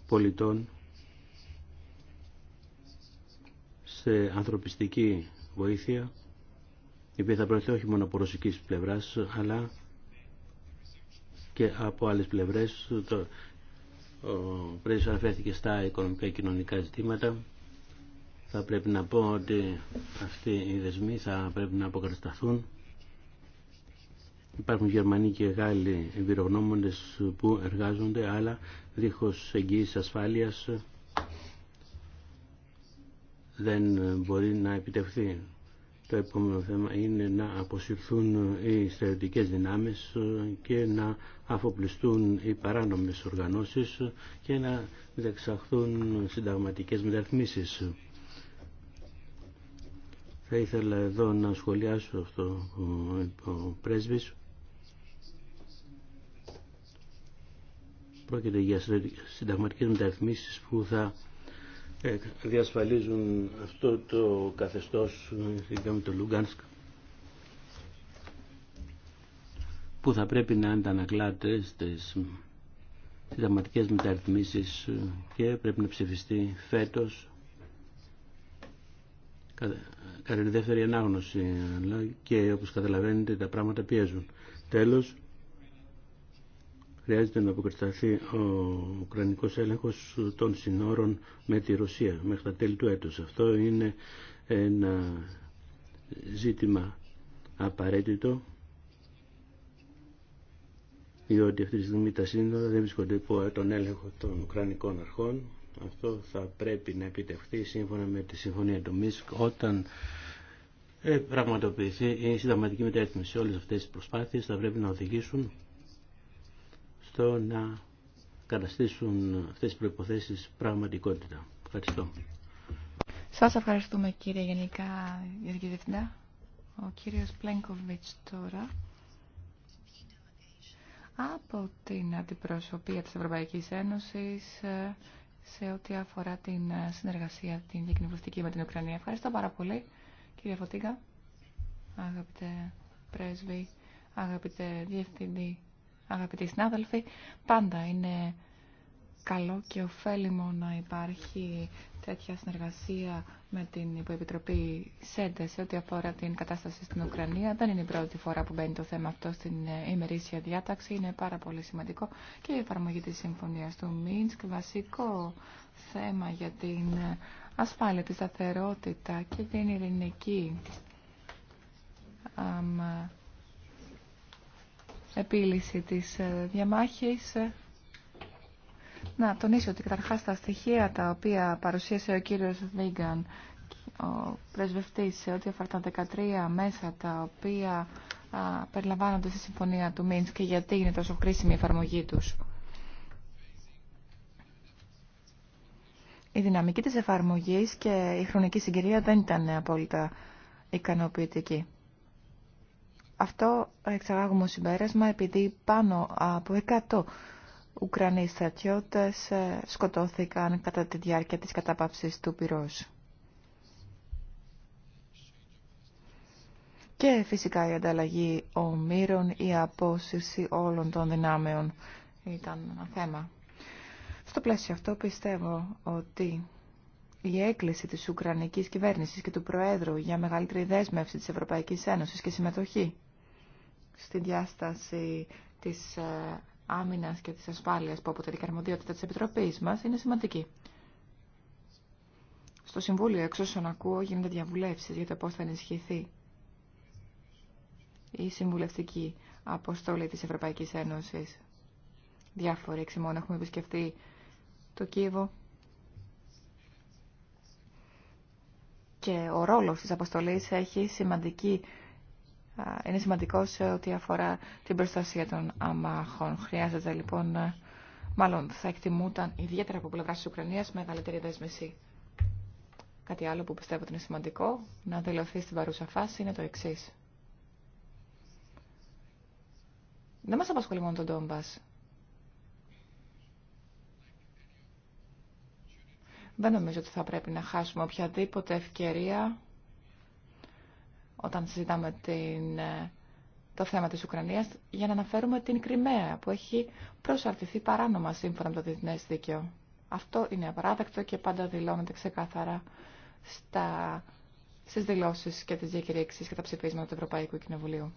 πολιτών σε ανθρωπιστική βοήθεια η οποία θα προέρχεται όχι μόνο από ρωσικής πλευράς αλλά και από άλλες πλευρές. Ο πρέσβης αναφέρθηκε στα οικονομικά και κοινωνικά ζητήματα θα πρέπει να πω ότι αυτοί οι δεσμοί θα πρέπει να αποκατασταθούν. Υπάρχουν Γερμανοί και Γάλλοι εμπειρογνώμονες που εργάζονται, αλλά δίχως εγγύηση ασφάλειας δεν μπορεί να επιτευχθεί. Το επόμενο θέμα είναι να αποσυρθούν οι στρατιωτικές δυνάμεις και να αφοπλιστούν οι παράνομες οργανώσεις και να δεξαχθούν συνταγματικές μεταρρυθμίσεις. Θα ήθελα εδώ να σχολιάσω αυτό το είπε ο πρέσβης. Πρόκειται για συνταγματικές μεταρρυθμίσεις που θα ε, διασφαλίζουν αυτό το καθεστώς ειδικά με το Λουγκάνσκ που θα πρέπει να αντανακλάται στις συνταγματικές μεταρρυθμίσεις και πρέπει να ψηφιστεί φέτος κατά τη δεύτερη ανάγνωση αλλά και όπως καταλαβαίνετε τα πράγματα πιέζουν. Τέλος, χρειάζεται να αποκρισταθεί ο Ουκρανικός έλεγχος των συνόρων με τη Ρωσία μέχρι τα τέλη του έτους. Αυτό είναι ένα ζήτημα απαραίτητο διότι αυτή τη στιγμή τα σύνορα δεν βρίσκονται υπό τον έλεγχο των Ουκρανικών αρχών αυτό θα πρέπει να επιτευχθεί σύμφωνα με τη Συμφωνία του ΜΙΣΚ όταν ε, πραγματοποιηθεί η συνταγματική μεταρρύθμιση. Όλες αυτές τις προσπάθειες θα πρέπει να οδηγήσουν στο να καταστήσουν αυτές τις προϋποθέσεις πραγματικότητα. Ευχαριστώ. Σας ευχαριστούμε κύριε Γενικά Διευθυντά. Ο κύριος Πλένκοβιτς τώρα από την αντιπροσωπεία της Ευρωπαϊκής Ένωσης ε, σε ό,τι αφορά την ε, συνεργασία την διακοινοβουλευτική με την Ουκρανία. Ευχαριστώ πάρα πολύ, κύριε Φωτίγκα, αγαπητέ πρέσβη, αγαπητέ διευθυντή, αγαπητοί συνάδελφοι. Πάντα είναι καλό και ωφέλιμο να υπάρχει τέτοια συνεργασία με την Υποεπιτροπή ΣΕΝΤΕ σε ό,τι αφορά την κατάσταση στην Ουκρανία. Δεν είναι η πρώτη φορά που μπαίνει το θέμα αυτό στην ε, ημερήσια διάταξη. Είναι πάρα πολύ σημαντικό και η εφαρμογή της Συμφωνίας του Μίνσκ, βασικό θέμα για την ε, ασφάλεια, τη σταθερότητα και την ειρηνική ε, επίλυση της διαμάχης να τονίσω ότι καταρχάς τα στοιχεία τα οποία παρουσίασε ο κύριος Βίγκαν, ο πρεσβευτής σε ό,τι αφορά τα 13 μέσα τα οποία περιλαμβάνονται στη συμφωνία του Μίντς και γιατί είναι τόσο χρήσιμη η εφαρμογή τους. Η δυναμική της εφαρμογής και η χρονική συγκυρία δεν ήταν απόλυτα ικανοποιητική. Αυτό εξαγάγουμε συμπέρασμα επειδή πάνω από 100 Ουκρανοί στρατιώτες ε, σκοτώθηκαν κατά τη διάρκεια της κατάπαυσης του πυρός. Και φυσικά η ανταλλαγή ομήρων, η απόσυρση όλων των δυνάμεων ήταν ένα θέμα. Στο πλαίσιο αυτό πιστεύω ότι η έκκληση της Ουκρανικής κυβέρνησης και του Προέδρου για μεγαλύτερη δέσμευση της Ευρωπαϊκής Ένωσης και συμμετοχή στη διάσταση της ε, άμυνας και της ασφάλειας που αποτελεί και αρμοδιότητα της Επιτροπής μας είναι σημαντική. Στο Συμβούλιο, εξ όσων ακούω, γίνονται διαβουλεύσεις για το πώς θα ενισχυθεί η συμβουλευτική αποστόλη της Ευρωπαϊκής Ένωσης. Διάφοροι εξημών έχουμε επισκεφτεί το Κίεβο και ο ρόλος της αποστολής έχει σημαντική είναι σημαντικό σε ό,τι αφορά την προστασία των αμάχων. Χρειάζεται λοιπόν, ε, μάλλον θα εκτιμούταν ιδιαίτερα από πλευρά τη Ουκρανία μεγαλύτερη δέσμευση. Κάτι άλλο που πιστεύω ότι είναι σημαντικό να δηλωθεί στην παρούσα φάση είναι το εξή. Δεν μας απασχολεί μόνο τον Ντόμπας. Δεν νομίζω ότι θα πρέπει να χάσουμε οποιαδήποτε ευκαιρία όταν συζητάμε την, ε, το θέμα της Ουκρανίας για να αναφέρουμε την Κρυμαία που έχει προσαρτηθεί παράνομα σύμφωνα με το διεθνές δίκαιο. Αυτό είναι απαράδεκτο και πάντα δηλώνεται ξεκάθαρα στα, στις δηλώσεις και τις διακηρύξεις και τα ψηφίσματα του Ευρωπαϊκού Κοινοβουλίου.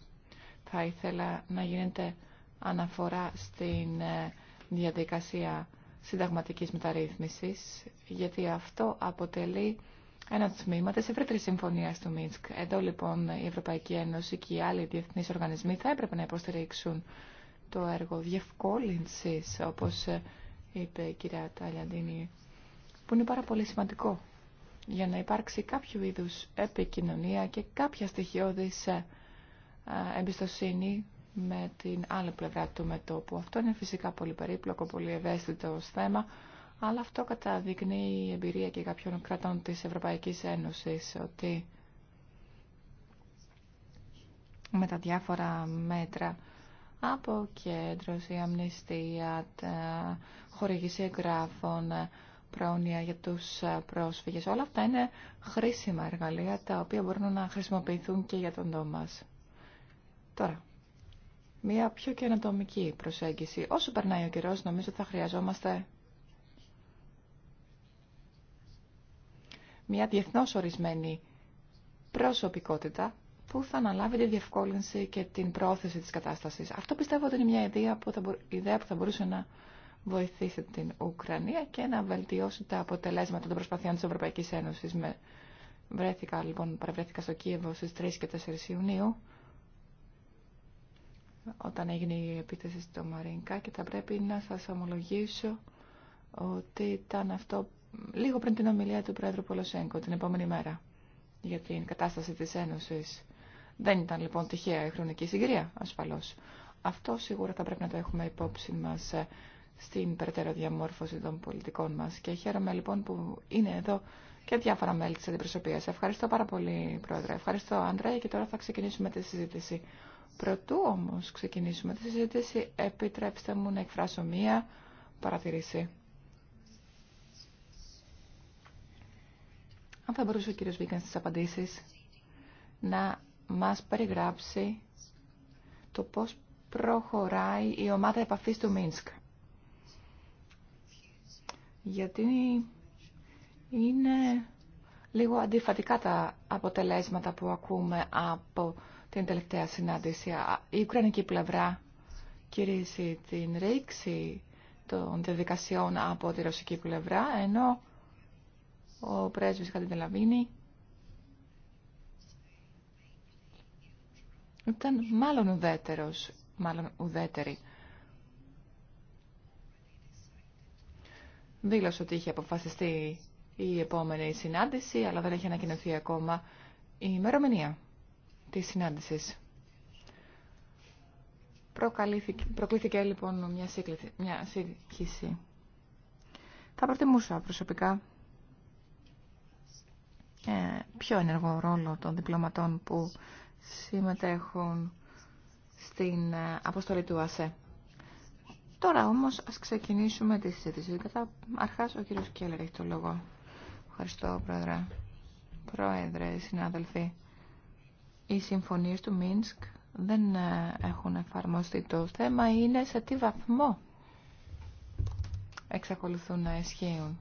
Θα ήθελα να γίνεται αναφορά στην ε, διαδικασία συνταγματικής μεταρρύθμισης, γιατί αυτό αποτελεί ένα τμήμα τη ευρύτερη συμφωνία του Μίνσκ. Εδώ λοιπόν η Ευρωπαϊκή Ένωση και οι άλλοι διεθνεί οργανισμοί θα έπρεπε να υποστηρίξουν το έργο διευκόλυνση, όπω ε, είπε η κυρία Ταλιαντίνη, που είναι πάρα πολύ σημαντικό για να υπάρξει κάποιο είδου επικοινωνία και κάποια στοιχειώδη ε, ε, εμπιστοσύνη με την άλλη πλευρά του μετώπου. Αυτό είναι φυσικά πολύ περίπλοκο, πολύ ευαίσθητο θέμα αλλά αυτό καταδεικνύει η εμπειρία και κάποιων κρατών της Ευρωπαϊκής Ένωσης ότι με τα διάφορα μέτρα από η αμνηστία, χορηγήση εγγράφων, πρόνοια για τους πρόσφυγες. Όλα αυτά είναι χρήσιμα εργαλεία τα οποία μπορούν να χρησιμοποιηθούν και για τον τόμα μας. Τώρα, μια πιο καινοτομική προσέγγιση. Όσο περνάει ο καιρός νομίζω θα χρειαζόμαστε μια διεθνώς ορισμένη προσωπικότητα που θα αναλάβει τη διευκόλυνση και την πρόθεση της κατάστασης. Αυτό πιστεύω ότι είναι μια ιδέα που θα, ιδέα που θα μπορούσε να βοηθήσει την Ουκρανία και να βελτιώσει τα αποτελέσματα των προσπαθειών της Ευρωπαϊκής Ένωσης. Με... Βρέθηκα λοιπόν, παρευρέθηκα στο Κίεβο στις 3 και 4 Ιουνίου όταν έγινε η επίθεση στο Μαρίνκα και θα πρέπει να σας ομολογήσω ότι ήταν αυτό λίγο πριν την ομιλία του Πρόεδρου Πολοσέγκο την επόμενη μέρα για την κατάσταση της Ένωσης. Δεν ήταν λοιπόν τυχαία η χρονική συγκυρία, ασφαλώς. Αυτό σίγουρα θα πρέπει να το έχουμε υπόψη μας ε, στην περαιτέρω διαμόρφωση των πολιτικών μας και χαίρομαι λοιπόν που είναι εδώ και διάφορα μέλη της αντιπροσωπείας. Ευχαριστώ πάρα πολύ, Πρόεδρε. Ευχαριστώ, Άντρα, και τώρα θα ξεκινήσουμε τη συζήτηση. Πρωτού όμως ξεκινήσουμε τη συζήτηση, επιτρέψτε μου να εκφράσω μία παρατηρήση. αν θα μπορούσε ο κύριο Βίγκαν στις απαντήσει να μας περιγράψει το πώ προχωράει η ομάδα επαφή του Μίνσκ. Γιατί είναι λίγο αντιφατικά τα αποτελέσματα που ακούμε από την τελευταία συνάντηση. Η Ουκρανική πλευρά κηρύσσει την ρήξη των διαδικασιών από τη ρωσική πλευρά, ενώ ο πρέσβης Χαντιντελαβίνη ήταν μάλλον ουδέτερος, μάλλον ουδέτερη. Δήλωσε ότι είχε αποφασιστεί η επόμενη συνάντηση, αλλά δεν έχει ανακοινωθεί ακόμα η ημερομηνία της συνάντησης. Προκλήθηκε λοιπόν Μια σύγχυση. Θα προτιμούσα προσωπικά ε, πιο ενεργό ρόλο των διπλωματών που συμμετέχουν στην ε, αποστολή του ΑΣΕ. Τώρα όμως ας ξεκινήσουμε τη συζήτηση. Κατά αρχάς ο κύριος Κέλλερ έχει το λόγο. Ευχαριστώ πρόεδρε. Πρόεδρε, συνάδελφοι. Οι συμφωνίες του Μίνσκ δεν ε, έχουν εφαρμοστεί. Το θέμα είναι σε τι βαθμό εξακολουθούν να ισχύουν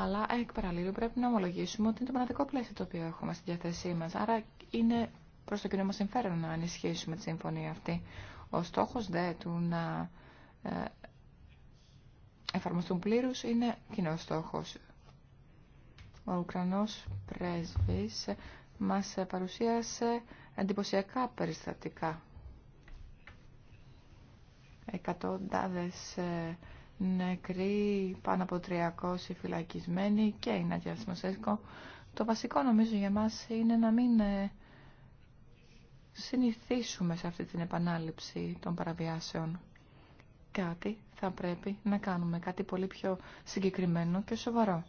αλλά εκ παραλίλου πρέπει να ομολογήσουμε ότι είναι το μοναδικό πλαίσιο το οποίο έχουμε στη διάθεσή μα. Άρα είναι προ το κοινό μα συμφέρον να ενισχύσουμε τη συμφωνία αυτή. Ο στόχο δε του να ε, εφαρμοστούν πλήρους είναι κοινό στόχο. Ο Ουκρανό πρέσβη μα παρουσίασε εντυπωσιακά περιστατικά. Εκατοντάδες ε, νεκροί, πάνω από 300 φυλακισμένοι και η Νάτια Το βασικό νομίζω για μας είναι να μην ε, συνηθίσουμε σε αυτή την επανάληψη των παραβιάσεων. Κάτι θα πρέπει να κάνουμε, κάτι πολύ πιο συγκεκριμένο και σοβαρό.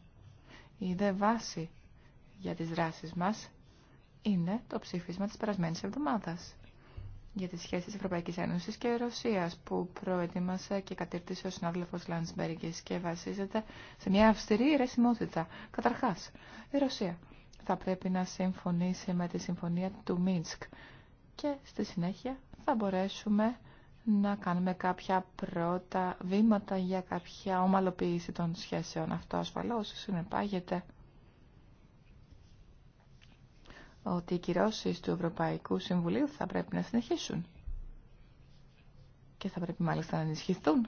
Η δε βάση για τις δράσεις μας είναι το ψήφισμα της περασμένης εβδομάδας για τις σχέσεις Ευρωπαϊκής Ένωσης και Ρωσίας που προετοίμασε και κατήρτησε ο συνάδελφος Λαντσμπέργκης και βασίζεται σε μια αυστηρή ρεσιμότητα. Καταρχάς, η Ρωσία θα πρέπει να συμφωνήσει με τη συμφωνία του Μίνσκ και στη συνέχεια θα μπορέσουμε να κάνουμε κάποια πρώτα βήματα για κάποια ομαλοποίηση των σχέσεων. Αυτό ασφαλώς συνεπάγεται ότι οι κυρώσει του Ευρωπαϊκού Συμβουλίου θα πρέπει να συνεχίσουν και θα πρέπει μάλιστα να ενισχυθούν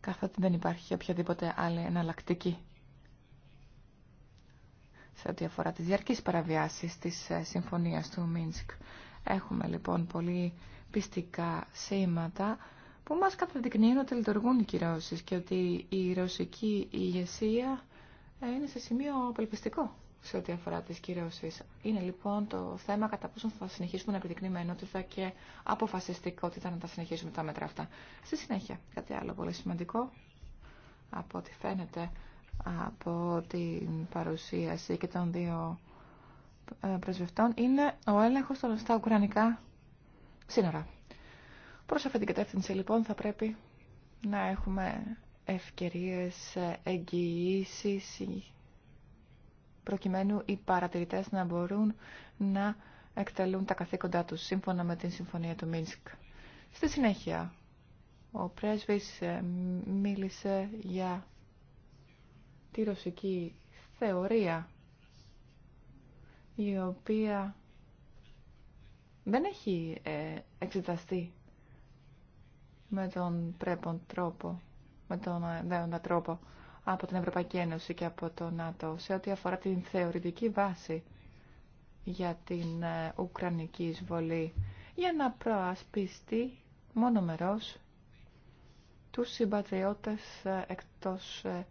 καθότι δεν υπάρχει οποιαδήποτε άλλη εναλλακτική σε ό,τι αφορά τις διαρκείς παραβιάσεις της ε, συμφωνίας του Μίνσκ. Έχουμε λοιπόν πολύ πιστικά σήματα που μας καταδεικνύουν ότι λειτουργούν οι κυρώσεις και ότι η ρωσική ηγεσία ε, είναι σε σημείο απελπιστικό σε ό,τι αφορά τις κυρώσεις. Είναι λοιπόν το θέμα κατά πόσο θα συνεχίσουμε να επιδεικνύουμε ενότητα και αποφασιστικότητα να τα συνεχίσουμε τα μέτρα αυτά. Στη συνέχεια, κάτι άλλο πολύ σημαντικό, από ό,τι φαίνεται από την παρουσίαση και των δύο ε, πρεσβευτών, είναι ο έλεγχος των στα ουκρανικά σύνορα. Προς αυτή την κατεύθυνση λοιπόν θα πρέπει να έχουμε ευκαιρίες ε, εγγυήσεις προκειμένου οι παρατηρητές να μπορούν να εκτελούν τα καθήκοντά του σύμφωνα με την Συμφωνία του Μίνσκ. Στη συνέχεια, ο πρέσβης ε, μίλησε για τη ρωσική θεωρία η οποία δεν έχει ε, εξεταστεί με τον πρέπον τρόπο, με τον ε, δέοντα τρόπο από την Ευρωπαϊκή Ένωση και από το ΝΑΤΟ σε ό,τι αφορά την θεωρητική βάση για την ε, Ουκρανική εισβολή για να προασπιστεί μόνο μερός τους συμπατριώτες ε, εκτός ε,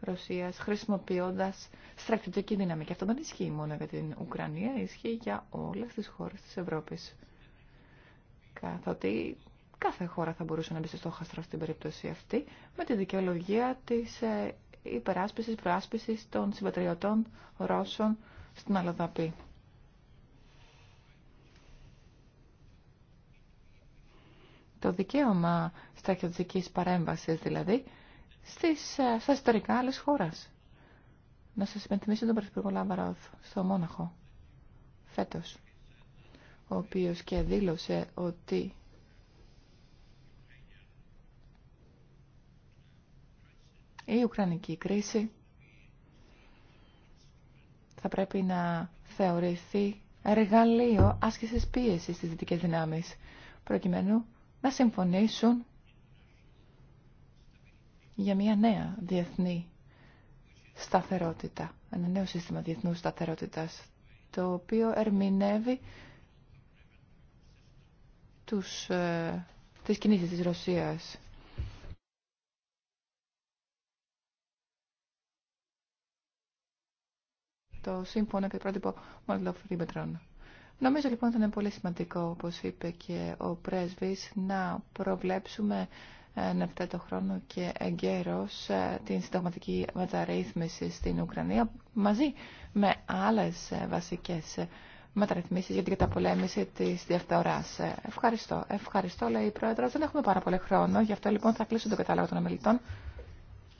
Ρωσίας χρησιμοποιώντας στρατιωτική δύναμη. Και αυτό δεν ισχύει μόνο για την Ουκρανία, ισχύει για όλες τις χώρες της Ευρώπης. Καθότι Κάθε χώρα θα μπορούσε να μπει στο στόχαστρο στην περίπτωση αυτή με τη δικαιολογία τη ε, υπεράσπιση, προάσπιση των συμπατριωτών Ρώσων στην Αλαδαπή. Το δικαίωμα στρατιώτική παρέμβαση, δηλαδή στις, ε, στα ιστορικά άλλες χώρες, Να σα υπενθυμίσω τον Πρωθυπουργό Λάμπαροθ στο Μόναχο φέτος, ο οποίος και δήλωσε ότι Η Ουκρανική κρίση θα πρέπει να θεωρηθεί εργαλείο άσκησης πίεσης στις δυτικές δυνάμεις, προκειμένου να συμφωνήσουν για μια νέα διεθνή σταθερότητα, ένα νέο σύστημα διεθνούς σταθερότητας, το οποίο ερμηνεύει τους, ε, τις κινήσεις της Ρωσίας το σύμφωνο και το πρότυπο Μολόφ Ρίμπετρον. Νομίζω λοιπόν ότι είναι πολύ σημαντικό, όπως είπε και ο πρέσβης, να προβλέψουμε εν το χρόνο και εγκαίρως ε, την συνταγματική μεταρρύθμιση στην Ουκρανία μαζί με άλλες ε, βασικές ε, μεταρρυθμίσεις για την καταπολέμηση της διαφθοράς. Ευχαριστώ. Ευχαριστώ, λέει η Πρόεδρο. Δεν έχουμε πάρα πολύ χρόνο, γι' αυτό λοιπόν θα κλείσω τον κατάλογο των ομιλητών.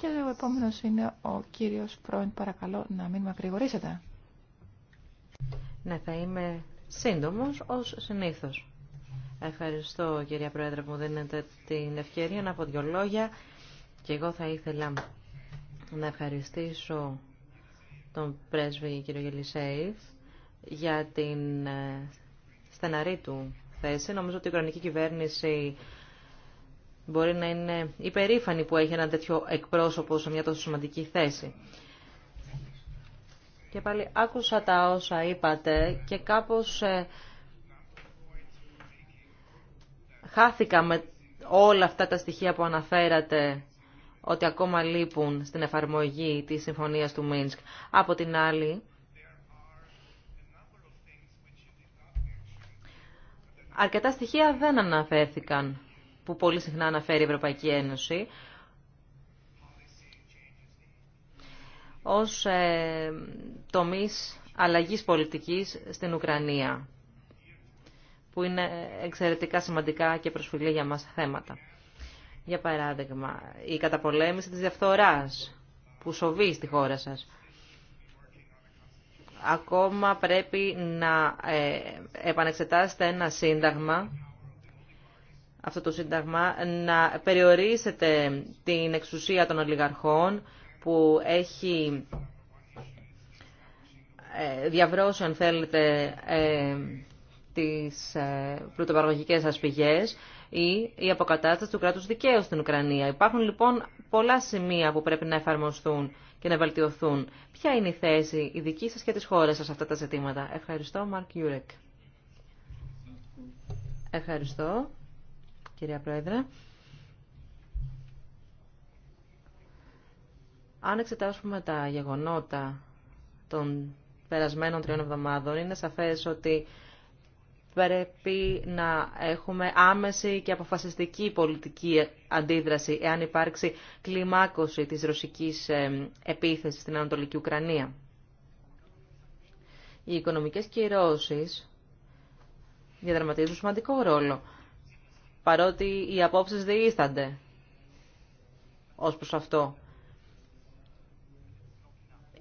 Και ο επόμενο είναι ο κύριος Πρώην. Παρακαλώ να μην μακρηγορήσετε. Ναι, θα είμαι σύντομο ως συνήθω. Ευχαριστώ κυρία Πρόεδρε που μου δίνετε την ευκαιρία να πω δυο λόγια και εγώ θα ήθελα να ευχαριστήσω τον πρέσβη κύριο Γελισέηφ για την ε, στεναρή του θέση. Νομίζω ότι η κρονική κυβέρνηση μπορεί να είναι υπερήφανη που έχει ένα τέτοιο εκπρόσωπο σε μια τόσο σημαντική θέση. Και πάλι άκουσα τα όσα είπατε και κάπως ε, χάθηκα με όλα αυτά τα στοιχεία που αναφέρατε ότι ακόμα λείπουν στην εφαρμογή της Συμφωνίας του Μίνσκ. Από την άλλη, αρκετά στοιχεία δεν αναφέρθηκαν που πολύ συχνά αναφέρει η Ευρωπαϊκή Ένωση. ως ε, τομείς αλλαγής πολιτικής στην Ουκρανία, που είναι εξαιρετικά σημαντικά και προσφυλή για μας θέματα. Για παράδειγμα, η καταπολέμηση της διαφθοράς που σοβεί στη χώρα σας. Ακόμα πρέπει να ε, επανεξετάσετε ένα σύνταγμα αυτό το Σύνταγμα να περιορίσετε την εξουσία των ολιγαρχών που έχει ε, διαβρώσει, αν θέλετε, ε, τις ε, πλουτοπαραγωγικές σας πηγές ή η αποκατάσταση του κράτους δικαίου στην Ουκρανία. Υπάρχουν λοιπόν πολλά σημεία που πρέπει να εφαρμοστούν και να βελτιωθούν. Ποια είναι η θέση η δική σας και της χώρας σας σε αυτά τα ζητήματα. Ευχαριστώ, Μαρκ Γιούρεκ. Ευχαριστώ κυρία Πρόεδρε. Αν εξετάσουμε τα γεγονότα των περασμένων τριών εβδομάδων, είναι σαφές ότι πρέπει να έχουμε άμεση και αποφασιστική πολιτική αντίδραση εάν υπάρξει κλιμάκωση της ρωσικής ε, επίθεσης στην Ανατολική Ουκρανία. Οι οικονομικές κυρώσεις διαδραματίζουν σημαντικό ρόλο παρότι οι απόψεις διήστανται ως προς αυτό.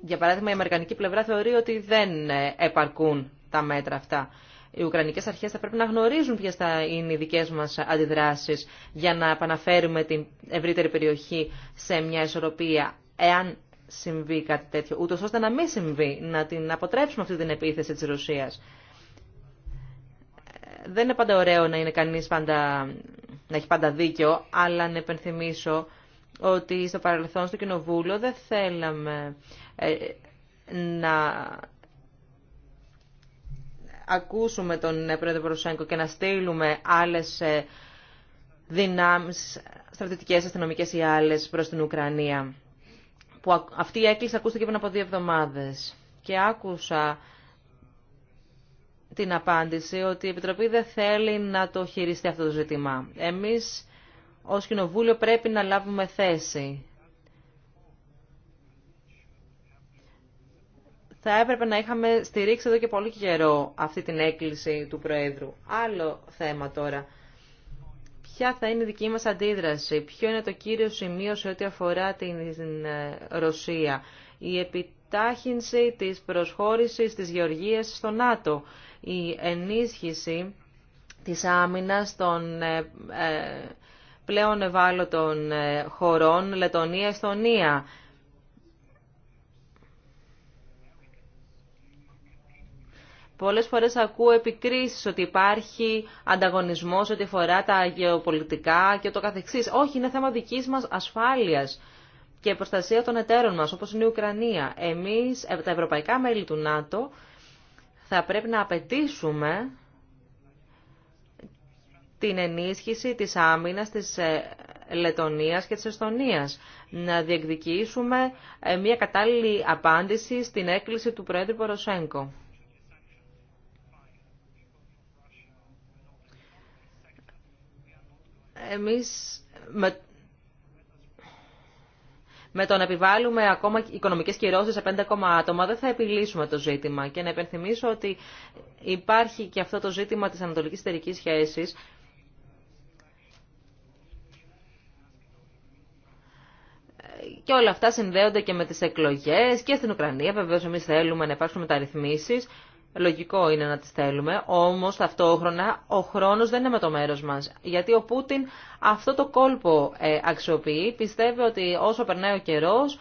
Για παράδειγμα, η Αμερικανική πλευρά θεωρεί ότι δεν επαρκούν τα μέτρα αυτά. Οι Ουκρανικές αρχές θα πρέπει να γνωρίζουν ποιες θα είναι οι δικές μας αντιδράσεις για να επαναφέρουμε την ευρύτερη περιοχή σε μια ισορροπία, εάν συμβεί κάτι τέτοιο, ούτως ώστε να μην συμβεί, να την αποτρέψουμε αυτή την επίθεση της Ρωσίας δεν είναι πάντα ωραίο να είναι κανείς να έχει πάντα δίκιο, αλλά να επενθυμίσω ότι στο παρελθόν στο Κοινοβούλιο δεν θέλαμε ε, να ακούσουμε τον πρόεδρο προσέγγιση και να στείλουμε άλλες ε, δυνάμεις στρατιωτικές, αστυνομικές ή άλλες προς την Ουκρανία. Που αυτή η έκκληση ακούστηκε πριν από δύο εβδομάδες και άκουσα την απάντηση ότι η Επιτροπή δεν θέλει να το χειριστεί αυτό το ζήτημα. Εμείς ως Κοινοβούλιο πρέπει να λάβουμε θέση. Θα έπρεπε να είχαμε στηρίξει εδώ και πολύ καιρό αυτή την έκκληση του Προέδρου. Άλλο θέμα τώρα. Ποια θα είναι η δική μας αντίδραση, ποιο είναι το κύριο σημείο σε ό,τι αφορά την ε, Ρωσία. Η επιτάχυνση της προσχώρησης της Γεωργίας στο ΝΑΤΟ, η ενίσχυση της άμυνας των ε, ε, πλέον ευάλωτων ε, χωρών Λετωνία, Λετωνία-Εσθονία. Πολλές φορές ακούω επικρίσεις ότι υπάρχει ανταγωνισμός ότι αφορά τα γεωπολιτικά και το καθεξής. Όχι, είναι θέμα δικής μας ασφάλειας και προστασία των εταίρων μας, όπως είναι η Ουκρανία. Εμείς, ε, τα ευρωπαϊκά μέλη του ΝΑΤΟ, θα πρέπει να απαιτήσουμε την ενίσχυση της άμυνας της ε, Λετωνίας και της Εστονίας. Να διεκδικήσουμε ε, μια κατάλληλη απάντηση στην έκκληση του Πρόεδρου Ποροσέγκο. Εμείς με με το να επιβάλλουμε ακόμα οικονομικές κυρώσεις σε πέντε ακόμα άτομα δεν θα επιλύσουμε το ζήτημα. Και να υπενθυμίσω ότι υπάρχει και αυτό το ζήτημα της ανατολικής εταιρική σχέσης και όλα αυτά συνδέονται και με τις εκλογές και στην Ουκρανία. Βεβαίως εμείς θέλουμε να υπάρξουν μεταρρυθμίσεις Λογικό είναι να τις θέλουμε, όμως ταυτόχρονα ο χρόνος δεν είναι με το μέρος μας. Γιατί ο Πούτιν αυτό το κόλπο ε, αξιοποιεί, πιστεύει ότι όσο περνάει ο καιρός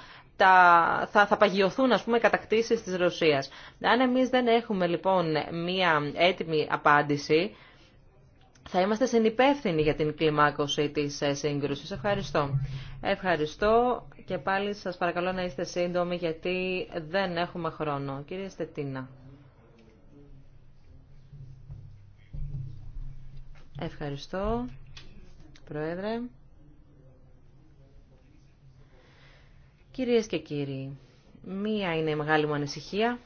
θα, θα παγιωθούν ας πούμε κατακτήσεις της Ρωσίας. Αν εμείς δεν έχουμε λοιπόν μία έτοιμη απάντηση, θα είμαστε συνυπεύθυνοι για την κλιμάκωση της ε, σύγκρουσης. Ευχαριστώ. Ευχαριστώ και πάλι σας παρακαλώ να είστε σύντομοι γιατί δεν έχουμε χρόνο. Κύριε Στετίνα. Ευχαριστώ, Πρόεδρε. Κυρίες και κύριοι, μία είναι η μεγάλη μου ανησυχία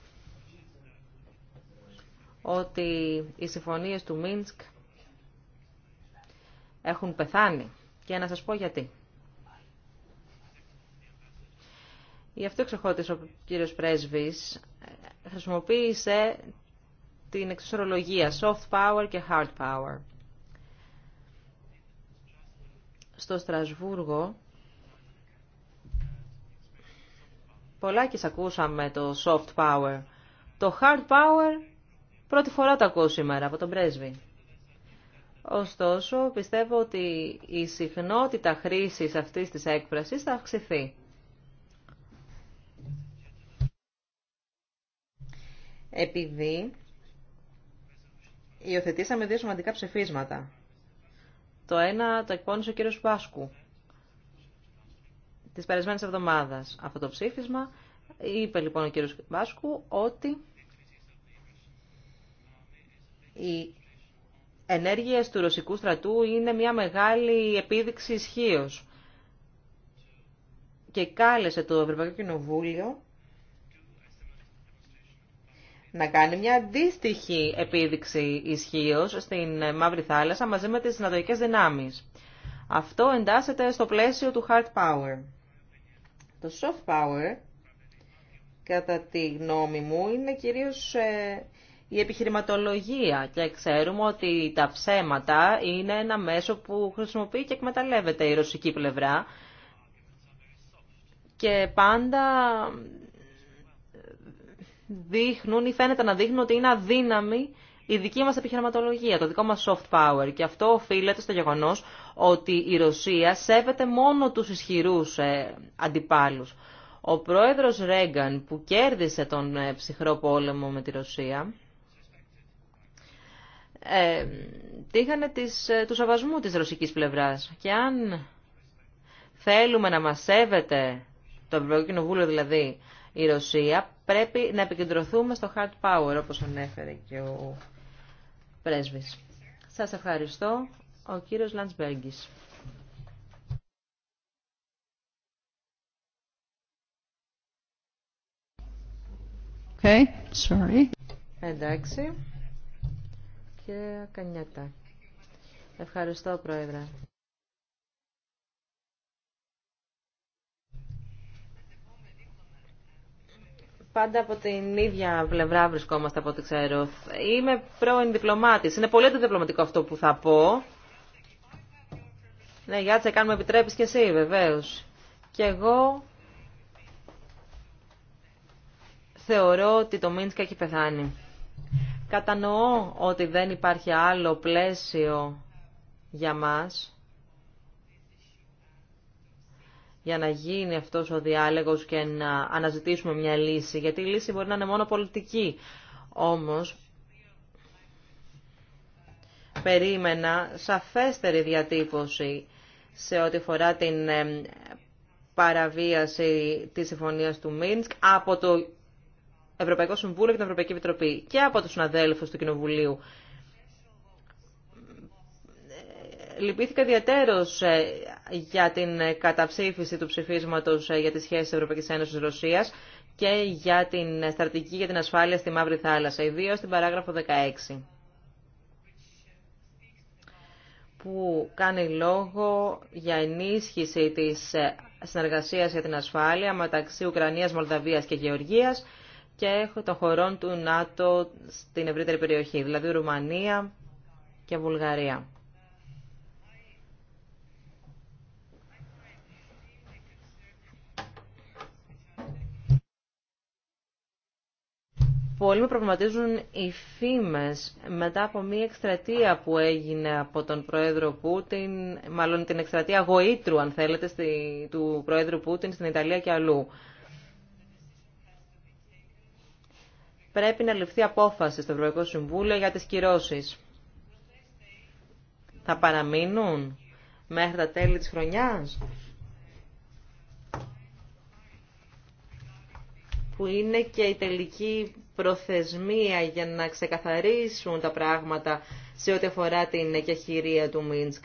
ότι οι συμφωνίες του Μίνσκ έχουν πεθάνει. Και να σας πω γιατί. Γι' αυτό ο κύριος Πρέσβης χρησιμοποίησε την εξορολογία soft power και hard power στο Στρασβούργο πολλά και ακούσαμε το soft power. Το hard power πρώτη φορά το ακούω σήμερα από τον πρέσβη. Ωστόσο, πιστεύω ότι η συχνότητα χρήσης αυτής της έκφρασης θα αυξηθεί. Επειδή υιοθετήσαμε δύο σημαντικά ψηφίσματα το ένα το εκπώνησε ο κύριος Πάσκου της περασμένη εβδομάδα. αυτό το ψήφισμα. Είπε λοιπόν ο κύριο Πάσκου ότι οι ενέργειε του ρωσικού στρατού είναι μια μεγάλη επίδειξη ισχύω. Και κάλεσε το Ευρωπαϊκό Κοινοβούλιο να κάνει μια αντίστοιχη επίδειξη ισχύω στην Μαύρη Θάλασσα μαζί με τις συναδελφικές δυνάμεις. Αυτό εντάσσεται στο πλαίσιο του hard power. Το soft power, κατά τη γνώμη μου, είναι κυρίως ε, η επιχειρηματολογία και ξέρουμε ότι τα ψέματα είναι ένα μέσο που χρησιμοποιεί και εκμεταλλεύεται η ρωσική πλευρά και πάντα δείχνουν ή φαίνεται να δείχνουν ότι είναι αδύναμη η δική μας επιχειρηματολογία, το δικό μας soft power. Και αυτό οφείλεται στο γεγονός ότι η Ρωσία σέβεται μόνο τους ισχυρούς ε, αντιπάλους. Ο πρόεδρος Ρέγκαν που κέρδισε τον ε, ψυχρό πόλεμο με τη Ρωσία ε, τύχανε ε, του σαβασμού της ρωσικής πλευράς. Και αν θέλουμε να μας σέβεται το Ευρωπαϊκό Κοινοβούλιο δηλαδή η Ρωσία, πρέπει να επικεντρωθούμε στο hard power, όπως ανέφερε και ο πρέσβης. Σας ευχαριστώ. Ο κύριος Λαντσμπέργκης. Okay, sorry. Εντάξει. Και κανιάτα. Ευχαριστώ, Πρόεδρε. Πάντα από την ίδια πλευρά βρισκόμαστε από ό,τι ξέρω. Είμαι πρώην διπλωμάτης. Είναι πολύ αντιδιπλωματικό αυτό που θα πω. Ναι, τσε κάνουμε επιτρέπεις και εσύ, βεβαίως. Και εγώ θεωρώ ότι το Μίνσκα έχει πεθάνει. Κατανοώ ότι δεν υπάρχει άλλο πλαίσιο για μας για να γίνει αυτός ο διάλεγος και να αναζητήσουμε μια λύση, γιατί η λύση μπορεί να είναι μόνο πολιτική. Όμως, περίμενα σαφέστερη διατύπωση σε ό,τι αφορά την ε, παραβίαση της συμφωνίας του Μίνσκ από το Ευρωπαϊκό Συμβούλιο και την Ευρωπαϊκή Επιτροπή και από τους συναδέλφους του Κοινοβουλίου λυπήθηκα ιδιαίτερως ε, για την καταψήφιση του ψηφίσματος ε, για τις σχέσεις ευρωπαικη Ένωσης Ρωσία και για την στρατηγική για την ασφάλεια στη Μαύρη Θάλασσα, ιδίω στην παράγραφο 16 που κάνει λόγο για ενίσχυση της ε, συνεργασίας για την ασφάλεια μεταξύ Ουκρανίας, Μολδαβίας και Γεωργίας και των χωρών του ΝΑΤΟ στην ευρύτερη περιοχή, δηλαδή Ρουμανία και Βουλγαρία. Πολλοί με προβληματίζουν οι φήμες μετά από μια εκστρατεία που έγινε από τον Πρόεδρο Πούτιν, μάλλον την εκστρατεία γοήτρου αν θέλετε του Πρόεδρου Πούτιν στην Ιταλία και αλλού. Πρέπει να ληφθεί απόφαση στο Ευρωπαϊκό Συμβούλιο για τις κυρώσεις. Θα παραμείνουν μέχρι τα τέλη της χρονιάς. που είναι και η τελική προθεσμία για να ξεκαθαρίσουν τα πράγματα σε ό,τι αφορά την εκεχηρία του Μίνσκ.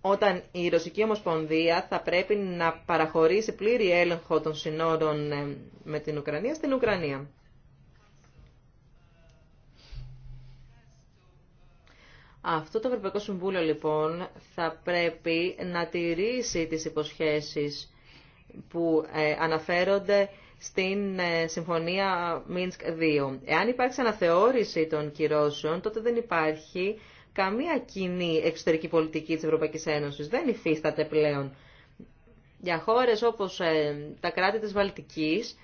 Όταν η Ρωσική Ομοσπονδία θα πρέπει να παραχωρήσει πλήρη έλεγχο των συνόρων ε, με την Ουκρανία στην Ουκρανία. Αυτό το Ευρωπαϊκό Συμβούλιο λοιπόν θα πρέπει να τηρήσει τις υποσχέσεις που ε, αναφέρονται στην ε, Συμφωνία Μίνσκ 2. Εάν υπάρξει αναθεώρηση των κυρώσεων, τότε δεν υπάρχει καμία κοινή εξωτερική πολιτική της Ευρωπαϊκής Ένωσης. Δεν υφίσταται πλέον. Για χώρες όπως ε, τα κράτη της Βαλτικής,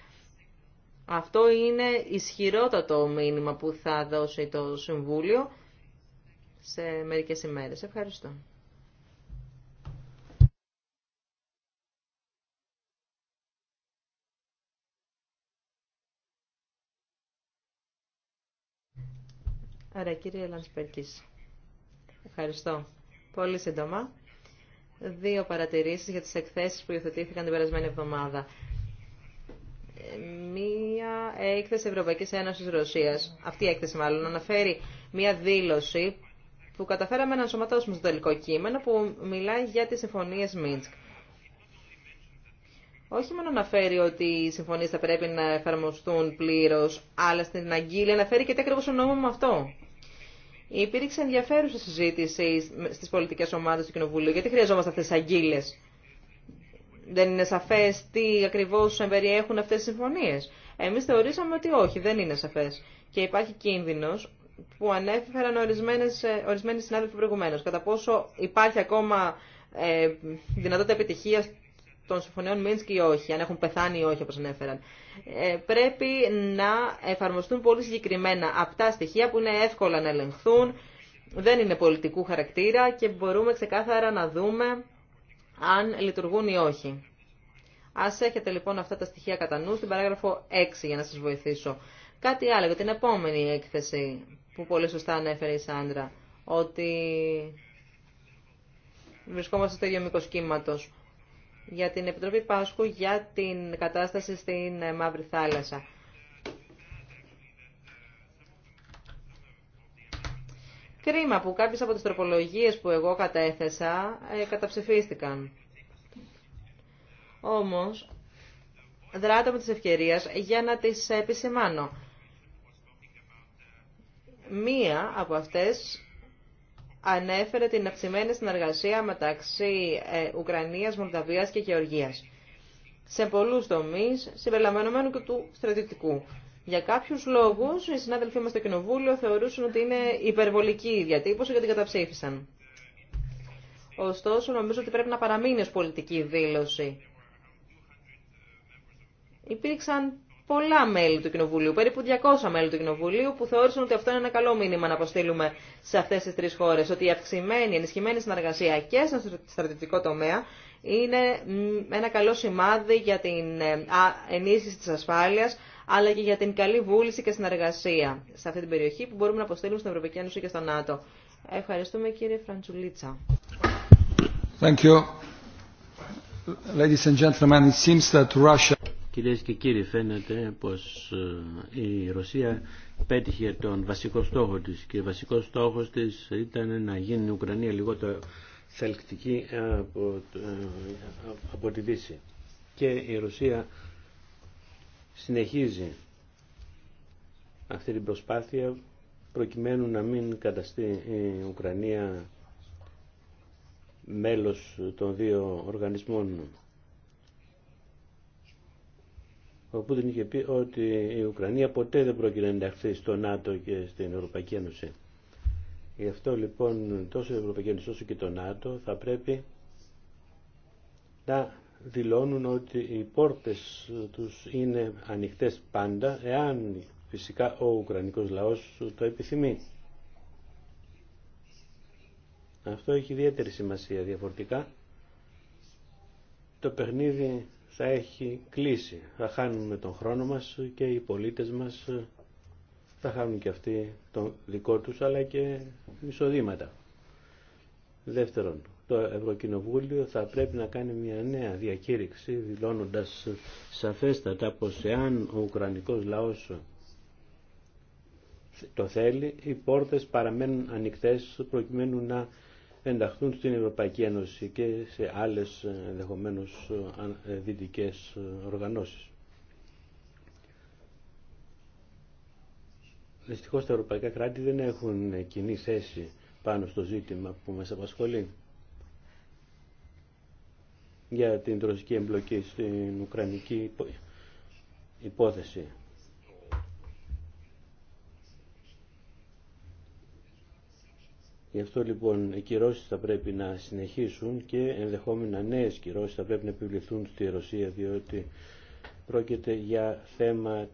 αυτό είναι ισχυρότατο μήνυμα που θα δώσει το Συμβούλιο σε μερικές ημέρες. Ευχαριστώ. Άρα, κύριε Λανσπερκής, ευχαριστώ. Πολύ σύντομα. Δύο παρατηρήσεις για τις εκθέσεις που υιοθετήθηκαν την περασμένη εβδομάδα. Μία έκθεση ευρωπαικη Ένωσης Ρωσίας, αυτή η έκθεση μάλλον, αναφέρει μία δήλωση που καταφέραμε να ενσωματώσουμε στο τελικό κείμενο που μιλάει για τις συμφωνίες Μίνσκ όχι μόνο αναφέρει ότι οι συμφωνίε θα πρέπει να εφαρμοστούν πλήρω, αλλά στην αγγίλη αναφέρει και τι ακριβώ εννοούμε με αυτό. Υπήρξε ενδιαφέρουσα συζήτηση στι πολιτικέ ομάδε του Κοινοβουλίου. Γιατί χρειαζόμαστε αυτέ τι αγγίλε. Δεν είναι σαφέ τι ακριβώ εμπεριέχουν αυτέ τι συμφωνίε. Εμεί θεωρήσαμε ότι όχι, δεν είναι σαφέ. Και υπάρχει κίνδυνο που ανέφεραν ορισμένες, ε, ορισμένοι συνάδελφοι προηγουμένω. Κατά πόσο υπάρχει ακόμα ε, δυνατότητα επιτυχία των συμφωνιών Μίνσκ ή όχι, αν έχουν πεθάνει ή όχι όπως ανέφεραν. Ε, πρέπει να εφαρμοστούν πολύ συγκεκριμένα αυτά στοιχεία που είναι εύκολα να ελεγχθούν, δεν είναι πολιτικού χαρακτήρα και μπορούμε ξεκάθαρα να δούμε αν λειτουργούν ή όχι. Ας έχετε λοιπόν αυτά τα στοιχεία κατά νου στην παράγραφο 6 για να σας βοηθήσω. Κάτι άλλο για την επόμενη έκθεση που πολύ σωστά ανέφερε η Σάντρα, ότι βρισκόμαστε στο ίδιο μικρό κύματος για την Επιτροπή Πάσχου για την κατάσταση στην ε, Μαύρη Θάλασσα. Κρίμα που κάποιες από τις τροπολογίες που εγώ κατέθεσα ε, καταψηφίστηκαν. Όμως, δράτω με τις ευκαιρίες για να τις επισημάνω. Μία από αυτές ανέφερε την αυξημένη συνεργασία μεταξύ ε, Ουκρανίας, Μολδαβία και Γεωργία. σε πολλούς τομείς, συμπεριλαμβανομένου και του στρατιωτικού. Για κάποιου λόγου, οι συνάδελφοί μα στο Κοινοβούλιο θεωρούσαν ότι είναι υπερβολική η διατύπωση και την καταψήφισαν. Ωστόσο, νομίζω ότι πρέπει να παραμείνει ω πολιτική δήλωση. Υπήρξαν πολλά μέλη του Κοινοβουλίου, περίπου 200 μέλη του Κοινοβουλίου, που θεώρησαν ότι αυτό είναι ένα καλό μήνυμα να αποστείλουμε σε αυτέ τι τρει χώρε. Ότι η αυξημένη, ενισχυμένη συνεργασία και στον στρατιωτικό τομέα είναι ένα καλό σημάδι για την ε, ενίσχυση τη ασφάλεια, αλλά και για την καλή βούληση και συνεργασία σε αυτή την περιοχή που μπορούμε να αποστείλουμε στην Ευρωπαϊκή Ένωση και στο ΝΑΤΟ. Ευχαριστούμε κύριε Φραντσουλίτσα. Thank you. Ladies and gentlemen, it seems that Russia... Κυρίες και κύριοι, φαίνεται πως ε, η Ρωσία πέτυχε τον βασικό στόχο της και ο βασικός στόχος της ήταν να γίνει η Ουκρανία λιγότερο θελκτική από, ε, από τη Δύση. Και η Ρωσία συνεχίζει αυτή την προσπάθεια προκειμένου να μην καταστεί η Ουκρανία μέλος των δύο οργανισμών ο Πούτιν είχε πει ότι η Ουκρανία ποτέ δεν πρόκειται να ενταχθεί στο ΝΑΤΟ και στην Ευρωπαϊκή Ένωση. Γι' αυτό λοιπόν τόσο η Ευρωπαϊκή Ένωση όσο και το ΝΑΤΟ θα πρέπει να δηλώνουν ότι οι πόρτες τους είναι ανοιχτές πάντα εάν φυσικά ο Ουκρανικός λαός το επιθυμεί. Αυτό έχει ιδιαίτερη σημασία διαφορετικά. Το παιχνίδι θα έχει κλείσει. Θα χάνουμε τον χρόνο μας και οι πολίτες μας ε, θα χάνουν και αυτοί τον δικό τους αλλά και εισοδήματα. Δεύτερον, το Ευρωκοινοβούλιο θα πρέπει να κάνει μια νέα διακήρυξη δηλώνοντας σαφέστατα πως εάν ο Ουκρανικός λαός το θέλει, οι πόρτες παραμένουν ανοιχτές προκειμένου να ενταχθούν στην Ευρωπαϊκή Ένωση και σε άλλες ε, ενδεχομένω ε, ε, δυτικέ οργανώσεις. Δυστυχώς τα ευρωπαϊκά κράτη δεν έχουν κοινή θέση πάνω στο ζήτημα που μας απασχολεί για την τροσική εμπλοκή στην ουκρανική υπόθεση. Γι' αυτό λοιπόν οι κυρώσεις θα πρέπει να συνεχίσουν και ενδεχόμενα νέες κυρώσεις θα πρέπει να επιβληθούν στη Ρωσία διότι πρόκειται για θέμα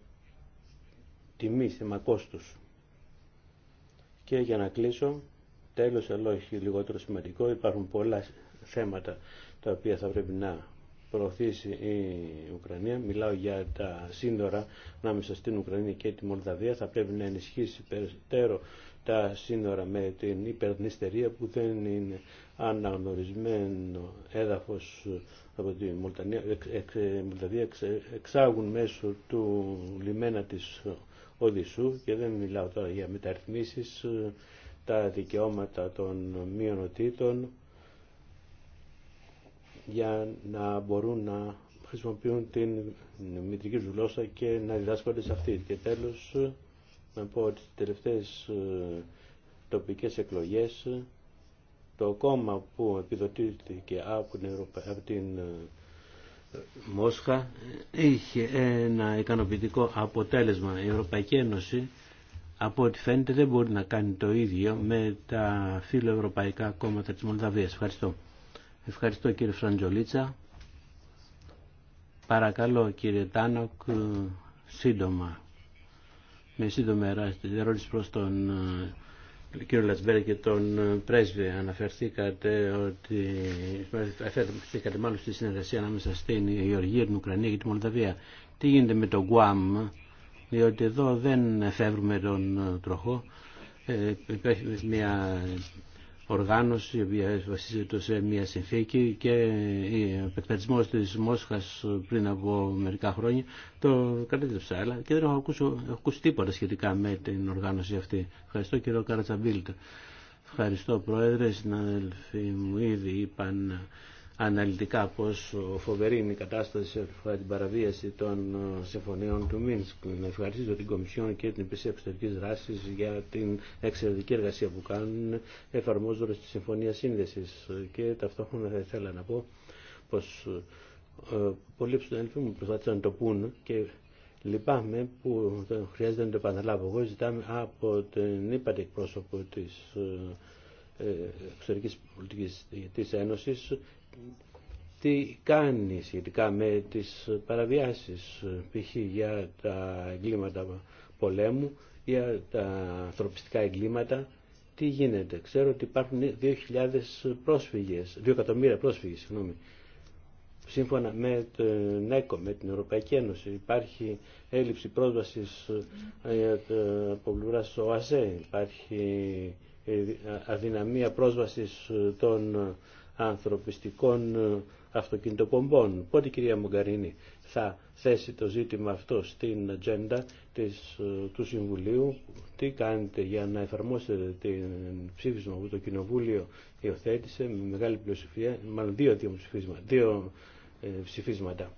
τιμή, θέμα κόστους. Και για να κλείσω, τέλος αλλά όχι λιγότερο σημαντικό, υπάρχουν πολλά θέματα τα οποία θα πρέπει να προωθήσει η Ουκρανία. Μιλάω για τα σύνορα ανάμεσα στην Ουκρανία και τη Μολδαβία. Θα πρέπει να ενισχύσει περισσότερο τα σύνορα με την υπερνηστερία που δεν είναι αναγνωρισμένο έδαφος από τη Μολτανία, δηλαδή εξάγουν μέσω του λιμένα της Οδυσσού και δεν μιλάω τώρα για μεταρρυθμίσεις τα δικαιώματα των μειονοτήτων για να μπορούν να χρησιμοποιούν την μητρική γλώσσα και να διδάσκονται σε αυτή. Και τέλος να πω ότι τις τελευταίες ε, τοπικές εκλογές ε, το κόμμα που επιδοτήθηκε από την, Ευρωπα... από την ε, Μόσχα είχε ένα ικανοποιητικό αποτέλεσμα. Η Ευρωπαϊκή Ένωση από ό,τι φαίνεται δεν μπορεί να κάνει το ίδιο με τα φιλοευρωπαϊκά κόμματα της Μολδαβίας. Ευχαριστώ. Ευχαριστώ κύριε Φραντζολίτσα. Παρακαλώ κύριε Τάνοκ σύντομα με σύντομη ερώτηση προς τον ε, κύριο Λατσμπερ και τον ε, πρέσβη. Αναφερθήκατε ότι αναφερθήκατε μάλλον στη συνεργασία ανάμεσα στην Γεωργία, την Ουκρανία και τη Μολδαβία. Τι γίνεται με τον Γκουάμ, διότι εδώ δεν φεύγουμε τον ε, τροχό οργάνωση η βασίζεται σε μια συνθήκη και ο επεκτατισμός της Μόσχας πριν από μερικά χρόνια το κατέληψα αλλά και δεν έχω ακούσει, τίποτα σχετικά με την οργάνωση αυτή. Ευχαριστώ κύριο Καρατσαμπίλτα. Ευχαριστώ Πρόεδρε, συναδελφοί μου ήδη είπαν αναλυτικά πως φοβερή είναι η κατάσταση σε αφορά την παραβίαση των ε, συμφωνίων του Μίνσκ. Να ευχαριστήσω την Κομισιόν και την Υπηρεσία Εξωτερικής Δράση για την εξαιρετική εργασία που κάνουν εφαρμόζοντας τη Συμφωνία Σύνδεση. Και ταυτόχρονα θα ήθελα να πω πω ε, πολλοί από μου προσπάθησαν να το πούν και λυπάμαι που χρειάζεται να το επαναλάβω. Εγώ ζητάμε από την ύπατη εκπρόσωπο τη ε, εξωτερικής πολιτικής της Ένωσης τι κάνει σχετικά με τις παραβιάσεις π.χ. για τα εγκλήματα πολέμου, για τα ανθρωπιστικά εγκλήματα, τι γίνεται. Ξέρω ότι υπάρχουν 2.000 πρόσφυγες, 2 εκατομμύρια πρόσφυγες, συγγνώμη. Σύμφωνα με την ΕΚΟ, με την Ευρωπαϊκή Ένωση, υπάρχει έλλειψη πρόσβασης ε, από πλευρά ΟΑΣΕ, υπάρχει ε, αδυναμία πρόσβασης των ανθρωπιστικών ε, αυτοκινητοπομπών. Πότε κυρία Μογκαρίνη θα θέσει το ζήτημα αυτό στην ατζέντα της, ε, του Συμβουλίου. Τι κάνετε για να εφαρμόσετε την ψήφισμα που το Κοινοβούλιο υιοθέτησε με μεγάλη πλειοψηφία, μάλλον δύο, δύο ε, ψηφίσματα.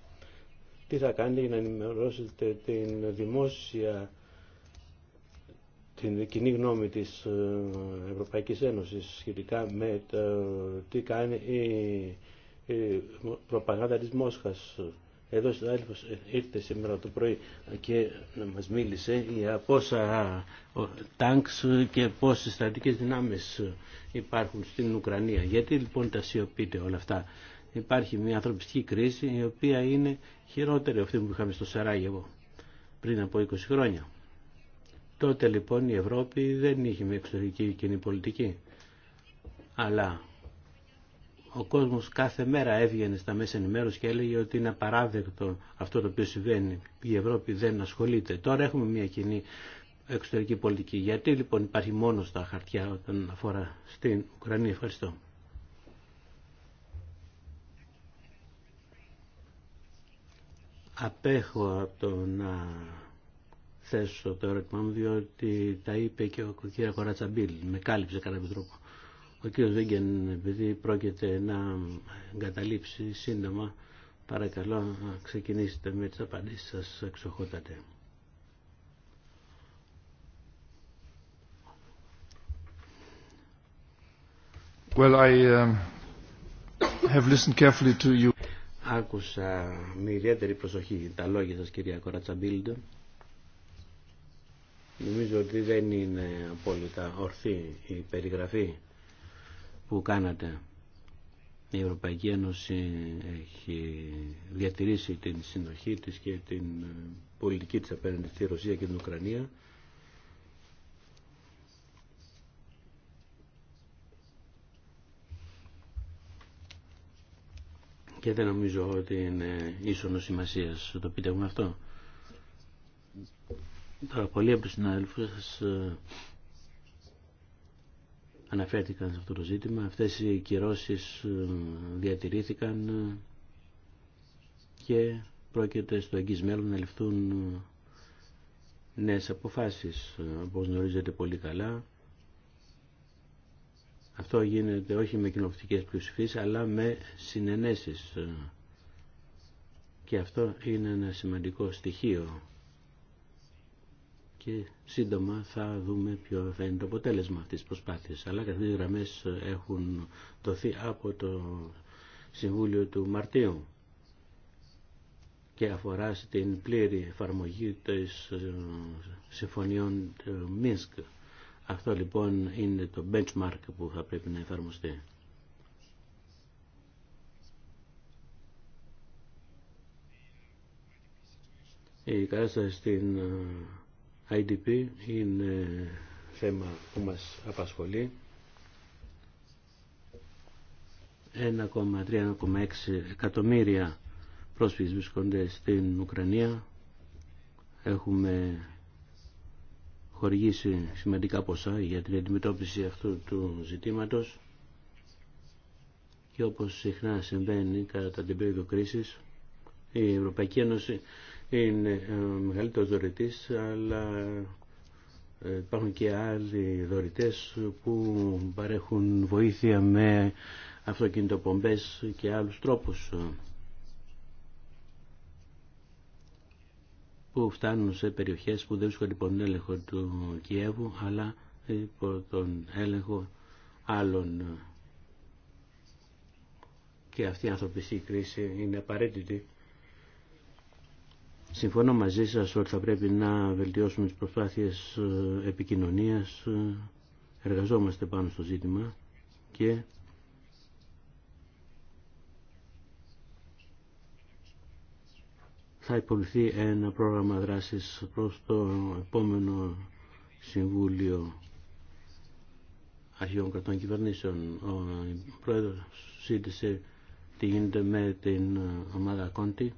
Τι θα κάνετε για να ενημερώσετε την δημόσια την κοινή γνώμη της ε, Ευρωπαϊκής Ένωσης σχετικά με το τι κάνει η, προπαγάνδα της Μόσχας. Εδώ συνάδελφος ήρθε σήμερα το πρωί και μας μίλησε για πόσα τάγκς και πόσες στρατικές δυνάμεις υπάρχουν στην Ουκρανία. Γιατί λοιπόν τα σιωπείτε όλα αυτά. Υπάρχει μια ανθρωπιστική κρίση η οποία είναι χειρότερη αυτή που είχαμε στο Σαράγεβο πριν από 20 χρόνια. Τότε λοιπόν η Ευρώπη δεν είχε μια εξωτερική κοινή πολιτική. Αλλά ο κόσμος κάθε μέρα έβγαινε στα μέσα ενημέρωση και έλεγε ότι είναι απαράδεκτο αυτό το οποίο συμβαίνει. Η Ευρώπη δεν ασχολείται. Τώρα έχουμε μια κοινή εξωτερική πολιτική. Γιατί λοιπόν υπάρχει μόνο στα χαρτιά όταν αφορά στην Ουκρανία. Ευχαριστώ. Απέχω από το να θέσω το ερώτημά μου διότι τα είπε και ο κ. Κοράτσαμπίλ. Με κάλυψε κατά κάποιο τρόπο. Ο κ. Βίγκεν, επειδή πρόκειται να εγκαταλείψει σύντομα, παρακαλώ να ξεκινήσετε με τις απαντήσεις σας εξοχότατε. Well, I um, have listened carefully to you. Άκουσα με ιδιαίτερη προσοχή τα λόγια σας κυρία Κορατσαμπίλντο. Νομίζω ότι δεν είναι απόλυτα ορθή η περιγραφή που κάνατε. Η Ευρωπαϊκή Ένωση έχει διατηρήσει την συνοχή της και την ε, πολιτική της απέναντι στη Ρωσία και την Ουκρανία. Και δεν νομίζω ότι είναι ίσονο σημασία το πείτε αυτό. Τώρα πολλοί από τους συναδελφούς ε, αναφέρθηκαν σε αυτό το ζήτημα. Αυτές οι κυρώσεις ε, διατηρήθηκαν ε, και πρόκειται στο εγγύς να ληφθούν νέες αποφάσεις. Όπως γνωρίζετε πολύ καλά, αυτό γίνεται όχι με κοινοβουλευτικές πλειοψηφίες αλλά με συνενέσεις. Και αυτό είναι ένα σημαντικό στοιχείο και σύντομα θα δούμε ποιο θα είναι το αποτέλεσμα αυτής της προσπάθειας. Αλλά οι γραμμές έχουν δοθεί από το Συμβούλιο του Μαρτίου και αφορά στην πλήρη εφαρμογή της ε, συμφωνιών του Μίνσκ. Αυτό λοιπόν είναι το benchmark που θα πρέπει να εφαρμοστεί. Η κατάσταση στην ε, IDP είναι θέμα που μας απασχολεί. 1,3-1,6 εκατομμύρια πρόσφυγες βρίσκονται στην Ουκρανία. Έχουμε χορηγήσει σημαντικά ποσά για την αντιμετώπιση αυτού του ζητήματος και όπως συχνά συμβαίνει κατά την περίοδο κρίσης η Ευρωπαϊκή Ένωση είναι ο ε, μεγαλύτερος δωρητής, αλλά ε, υπάρχουν και άλλοι δωρητές που παρέχουν βοήθεια με αυτοκινητοπομπές και άλλους τρόπους ε, που φτάνουν σε περιοχές που δεν βρίσκονται υπό τον έλεγχο του Κιέβου αλλά υπό τον έλεγχο άλλων και αυτή η ανθρωπιστική κρίση είναι απαραίτητη Συμφωνώ μαζί σας ότι θα πρέπει να βελτιώσουμε τις προσπάθειες ε, επικοινωνίας. Ε, εργαζόμαστε πάνω στο ζήτημα και θα υποβληθεί ένα πρόγραμμα δράσης προς το επόμενο Συμβούλιο Αρχηγών Κρατών Κυβερνήσεων. Ο Πρόεδρος σύντησε τι γίνεται με την ε, ομάδα Κόντι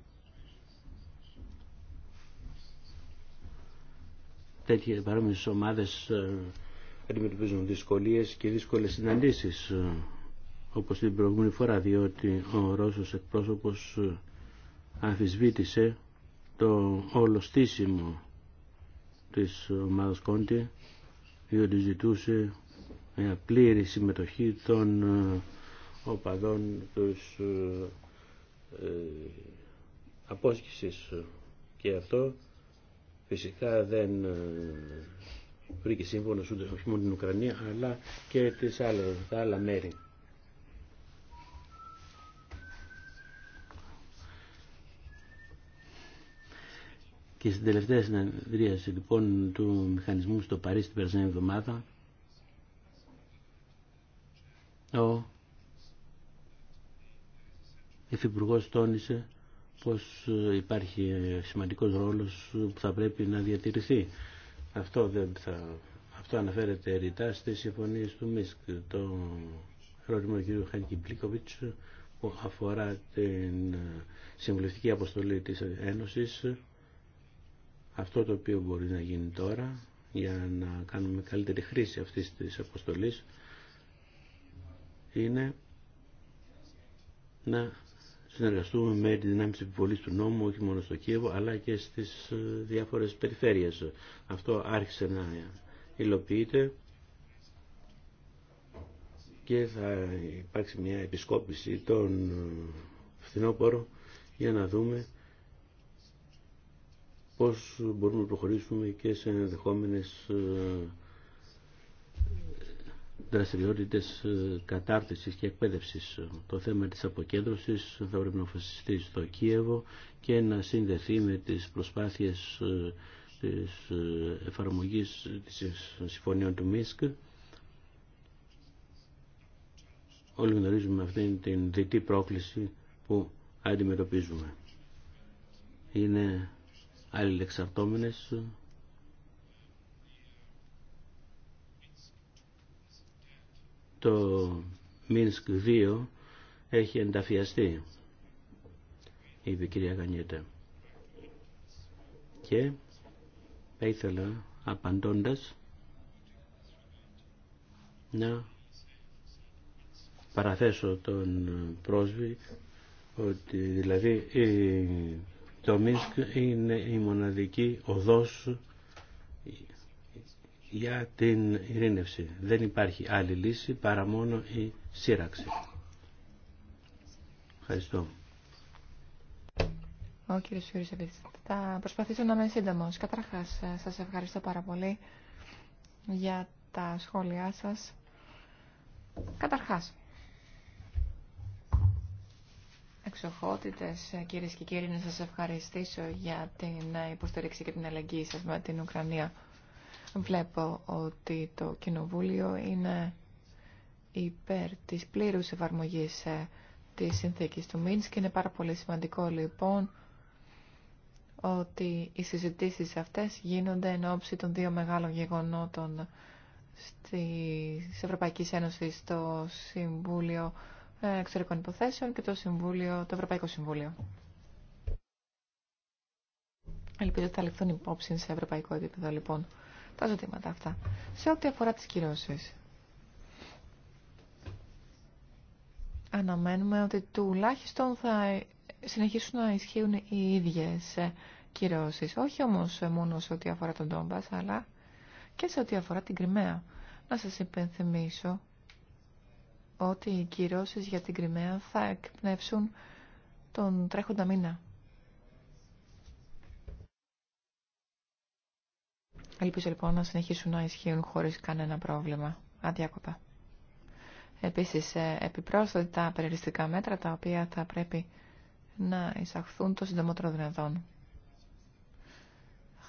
τέτοιες παρόμοιες ομάδες ε, αντιμετωπίζουν δυσκολίες και δύσκολες συναντήσεις ε, όπως την προηγούμενη φορά διότι ο Ρώσος εκπρόσωπος ε, αμφισβήτησε το όλο στήσιμο της ομάδας Κόντι διότι ζητούσε μια πλήρη συμμετοχή των οπαδών τους απόσκησης και αυτό Φυσικά δεν ε, βρήκε σύμφωνο ούτε όχι μόνο την Ουκρανία αλλά και τις άλλες, τα άλλα μέρη. Και στην τελευταία συνεδρίαση λοιπόν του μηχανισμού στο Παρίσι την περσμένη εβδομάδα ο Υφυπουργός τόνισε πως ε, υπάρχει ε, σημαντικός ρόλος που θα πρέπει να διατηρηθεί. Αυτό, δεν θα... Αυτό αναφέρεται ρητά στις συμφωνίες του ΜΙΣΚ. Το ερώτημα του κ. Χάνικη που αφορά την ε, συμβουλευτική αποστολή της Ένωσης αυτό το οποίο μπορεί να γίνει τώρα για να κάνουμε καλύτερη χρήση αυτής της αποστολής είναι να συνεργαστούμε με τη δυνάμεις επιβολής του νόμου όχι μόνο στο Κίεβο αλλά και στις ε, διάφορες περιφέρειες. Αυτό άρχισε να υλοποιείται και θα υπάρξει μια επισκόπηση των ε, φθινόπωρο για να δούμε πώς μπορούμε να προχωρήσουμε και σε ενδεχόμενες ε, δραστηριότητε ε, κατάρτιση και εκπαίδευση. Το θέμα της αποκέντρωσης θα πρέπει να αποφασιστεί στο Κίεβο και να συνδεθεί με τις προσπάθειες ε, της ε, εφαρμογής της συμφωνία του Μίσκ. Όλοι γνωρίζουμε αυτήν την διτή πρόκληση που αντιμετωπίζουμε. Είναι αλληλεξαρτώμενες το Μίνσκ 2 έχει ενταφιαστεί, είπε η κυρία Γανιέτα. Και θα ήθελα, απαντώντας, να παραθέσω τον πρόσβη ότι δηλαδή το Μίνσκ είναι η μοναδική οδός για την ειρήνευση. Δεν υπάρχει άλλη λύση παρά μόνο η σύραξη. Ευχαριστώ. Ο κύριος Φιούρης Θα προσπαθήσω να είμαι σύντομο. Καταρχάς, ε, σας ευχαριστώ πάρα πολύ για τα σχόλιά σας. Καταρχάς, εξοχότητες, κύριε και κύριοι, να σας ευχαριστήσω για την ε, υποστήριξη και την αλλαγή σας με την Ουκρανία. Βλέπω ότι το Κοινοβούλιο είναι υπέρ της πλήρους εφαρμογής ε, τη συνθήκης του Μίνσκ και είναι πάρα πολύ σημαντικό λοιπόν ότι οι συζητήσεις αυτές γίνονται εν ώψη των δύο μεγάλων γεγονότων της Ευρωπαϊκής Ένωσης το Συμβούλιο ε, Εξωτερικών Υποθέσεων και το, Συμβούλιο, το Ευρωπαϊκό Συμβούλιο. Ελπίζω ότι θα ληφθούν υπόψη σε ευρωπαϊκό επίπεδο λοιπόν τα ζητήματα αυτά. Σε ό,τι αφορά τις κυρώσεις. Αναμένουμε ότι τουλάχιστον θα συνεχίσουν να ισχύουν οι ίδιες ε, κυρώσεις. Όχι όμως μόνο σε ό,τι αφορά τον Τόμπας, αλλά και σε ό,τι αφορά την Κρυμαία. Να σας υπενθυμίσω ότι οι κυρώσεις για την Κρυμαία θα εκπνεύσουν τον τρέχοντα μήνα. Ελπίζω λοιπόν να συνεχίσουν να ισχύουν χωρίς κανένα πρόβλημα. Αδιάκοπα. Επίσης, ε, επιπρόσθετα περιοριστικά μέτρα τα οποία θα πρέπει να εισαχθούν το συντομότερο δυνατόν.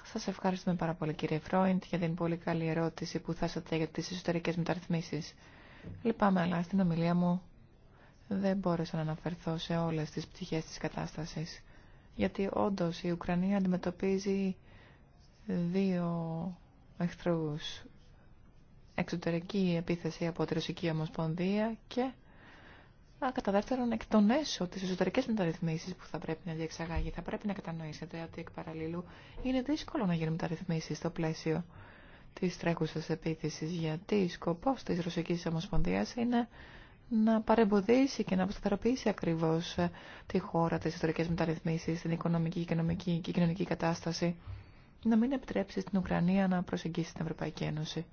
Σας ευχαριστούμε πάρα πολύ κύριε Φρόιντ για την πολύ καλή ερώτηση που θέσατε για τις εσωτερικές μεταρρυθμίσεις. Λυπάμαι, αλλά στην ομιλία μου δεν μπόρεσα να αναφερθώ σε όλες τις πτυχές της κατάστασης. Γιατί όντως η Ουκρανία αντιμετωπίζει δύο εχθρούς. Εξωτερική επίθεση από τη Ρωσική Ομοσπονδία και Α, κατά δεύτερον, εκ των έσω τις εσωτερικές μεταρρυθμίσεις που θα πρέπει να διεξαγάγει. Θα πρέπει να κατανοήσετε ότι εκ παραλληλού είναι δύσκολο να γίνουν μεταρρυθμίσεις στο πλαίσιο της τρέχουσα επίθεση, γιατί σκοπό της Ρωσικής Ομοσπονδία είναι να παρεμποδίσει και να αποσταθεροποιήσει ακριβώς ε, τη χώρα τι εσωτερικέ μεταρρυθμίσει, την οικονομική, οικονομική και κοινωνική κατάσταση να μην επιτρέψει στην Ουκρανία να προσεγγίσει την Ευρωπαϊκή Ένωση.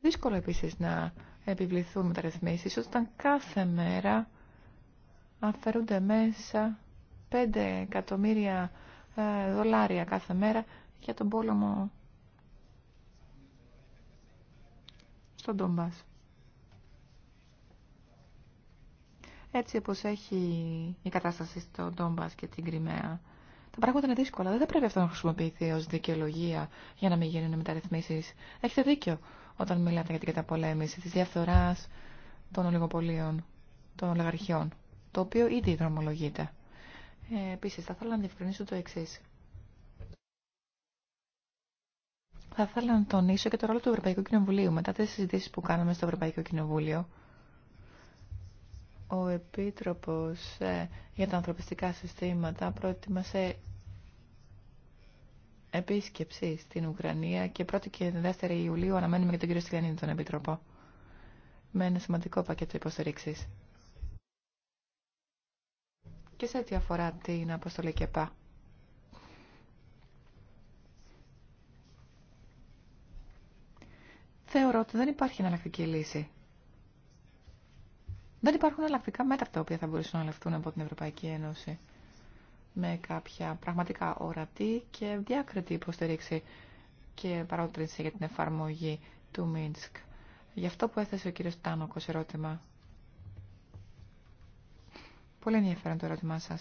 Δύσκολο επίσης να επιβληθούν μεταρρυθμίσεις όταν κάθε μέρα αφαιρούνται μέσα 5 εκατομμύρια ε, δολάρια κάθε μέρα για τον πόλεμο στον Ντομπάς. έτσι όπως έχει η κατάσταση στο Ντόμπας και την Κρυμαία. Τα πράγματα είναι δύσκολα. Δεν πρέπει αυτό να χρησιμοποιηθεί ως δικαιολογία για να μην γίνουν μεταρρυθμίσεις. Έχετε δίκιο όταν μιλάτε για την καταπολέμηση της διαφθοράς των ολιγοπολίων, των ολιγαρχιών, το οποίο ήδη δρομολογείται. Ε, επίσης, θα ήθελα να διευκρινίσω το εξή. Θα ήθελα να τονίσω και το ρόλο του Ευρωπαϊκού Κοινοβουλίου μετά τις συζητήσεις που κάναμε στο Ευρωπαϊκό Κοινοβούλιο ο Επίτροπος ε, για τα ανθρωπιστικά συστήματα προετοίμασε επίσκεψη στην Ουκρανία και 1η και 2η Ιουλίου αναμένουμε για τον κύριο Στυλιανίδη τον Επίτροπο με ένα σημαντικό πακέτο υποστηρίξης. Και σε ό,τι αφορά την αποστολή ΚΕΠΑ. Θεωρώ ότι δεν υπάρχει εναλλακτική λύση δεν υπάρχουν εναλλακτικά μέτρα τα οποία θα μπορούσαν να λεφτούν από την Ευρωπαϊκή Ένωση με κάποια πραγματικά ορατή και διάκριτη υποστήριξη και παρότρινση για την εφαρμογή του Μίνσκ. Γι' αυτό που έθεσε ο κ. Τάνοκο ερώτημα. Πολύ ενδιαφέρον το ερώτημά σα.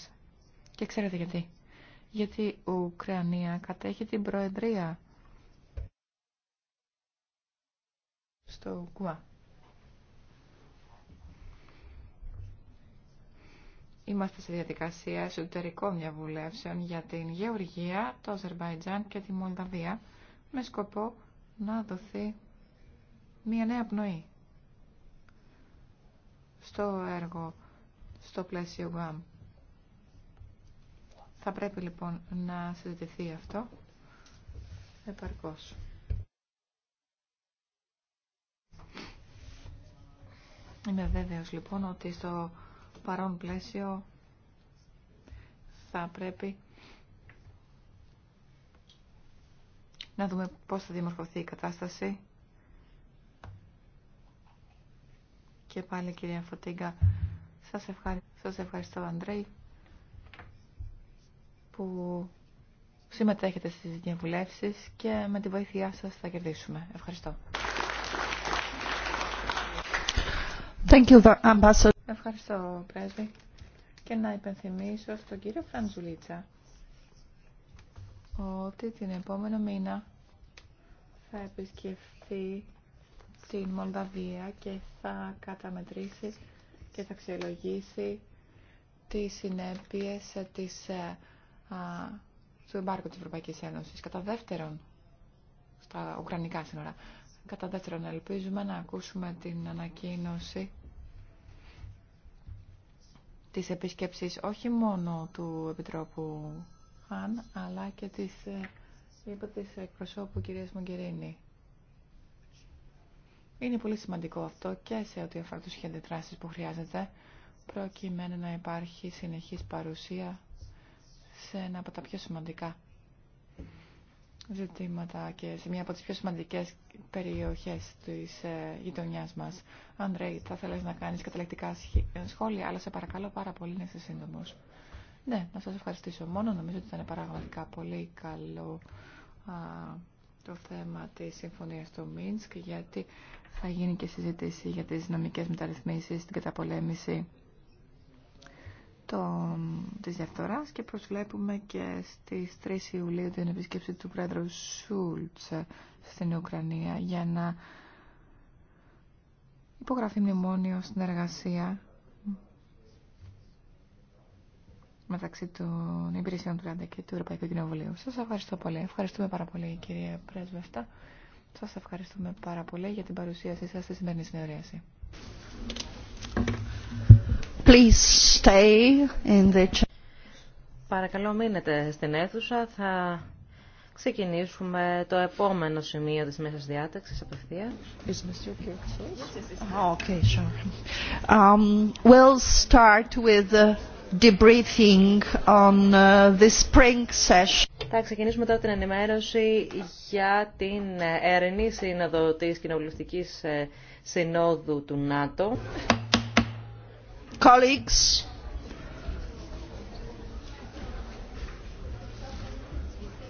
Και ξέρετε γιατί. Γιατί η Ουκρανία κατέχει την Προεδρία στο ΚΟΑ. Είμαστε σε διαδικασία εσωτερικών διαβουλεύσεων για την Γεωργία, το Αζερβαϊτζάν και τη Μολδαβία με σκοπό να δοθεί μια νέα πνοή στο έργο, στο πλαίσιο ΓΑΜ. Θα πρέπει λοιπόν να συζητηθεί αυτό επαρκώς. Είμαι βέβαιος λοιπόν ότι στο παρόν πλαίσιο θα πρέπει να δούμε πώς θα δημορφωθεί η κατάσταση. Και πάλι κυρία Φωτίγκα, σας, ευχαριστώ, σας ευχαριστώ Αντρέη που συμμετέχετε στις διαβουλεύσεις και με τη βοήθειά σας θα κερδίσουμε. Ευχαριστώ. Thank you, Ευχαριστώ, Πρέσβη. Και να υπενθυμίσω στον κύριο Φραντζουλίτσα ότι την επόμενο μήνα θα επισκεφθεί την Μολδαβία και θα καταμετρήσει και θα αξιολογήσει τις συνέπειες της, ε, α, του εμπάρκου της Ευρωπαϊκής Ένωσης. Κατά δεύτερον, στα Ουκρανικά σύνορα, κατά δεύτερον ελπίζουμε να ακούσουμε την ανακοίνωση τις επισκέψεις όχι μόνο του Επιτρόπου Χαν, αλλά και της, ε, είπα, της εκπροσώπου κυρίας Μογκερίνη. Είναι πολύ σημαντικό αυτό και σε ό,τι αφορά τους που χρειάζεται, προκειμένου να υπάρχει συνεχής παρουσία σε ένα από τα πιο σημαντικά ζητήματα και σε μία από τις πιο σημαντικές περιοχές της ε, γειτονιάς μας. Ανδρέη, θα θέλεις να κάνεις καταλεκτικά σχόλια, αλλά σε παρακαλώ πάρα πολύ να είσαι σύντομος. Ναι, να σας ευχαριστήσω μόνο. Νομίζω ότι ήταν πραγματικά πολύ καλό α, το θέμα της συμφωνίας του Μίνσκ, γιατί θα γίνει και συζήτηση για τις νομικές μεταρρυθμίσεις, την καταπολέμηση το, της διαφθοράς και προσβλέπουμε και στις 3 Ιουλίου την επισκέψη του πρόεδρου Σούλτς στην Ουκρανία για να υπογραφεί μνημόνιο στην εργασία μεταξύ των υπηρεσιών του Ράντα και του Ευρωπαϊκού Κοινοβουλίου. Σας ευχαριστώ πολύ. Ευχαριστούμε πάρα πολύ κυρία Πρέσβευτα. Σας ευχαριστούμε πάρα πολύ για την παρουσίασή σας στη σημερινή συνεδρίαση. Παρακαλώ μείνετε στην αίθουσα. Θα ξεκινήσουμε το επόμενο σημείο της μέσας διάταξης απευθεία. Okay, Θα ξεκινήσουμε τώρα την ενημέρωση για την ε, ερενή σύνοδο της Κοινοβουλευτικής ε, Συνόδου του ΝΑΤΟ colleagues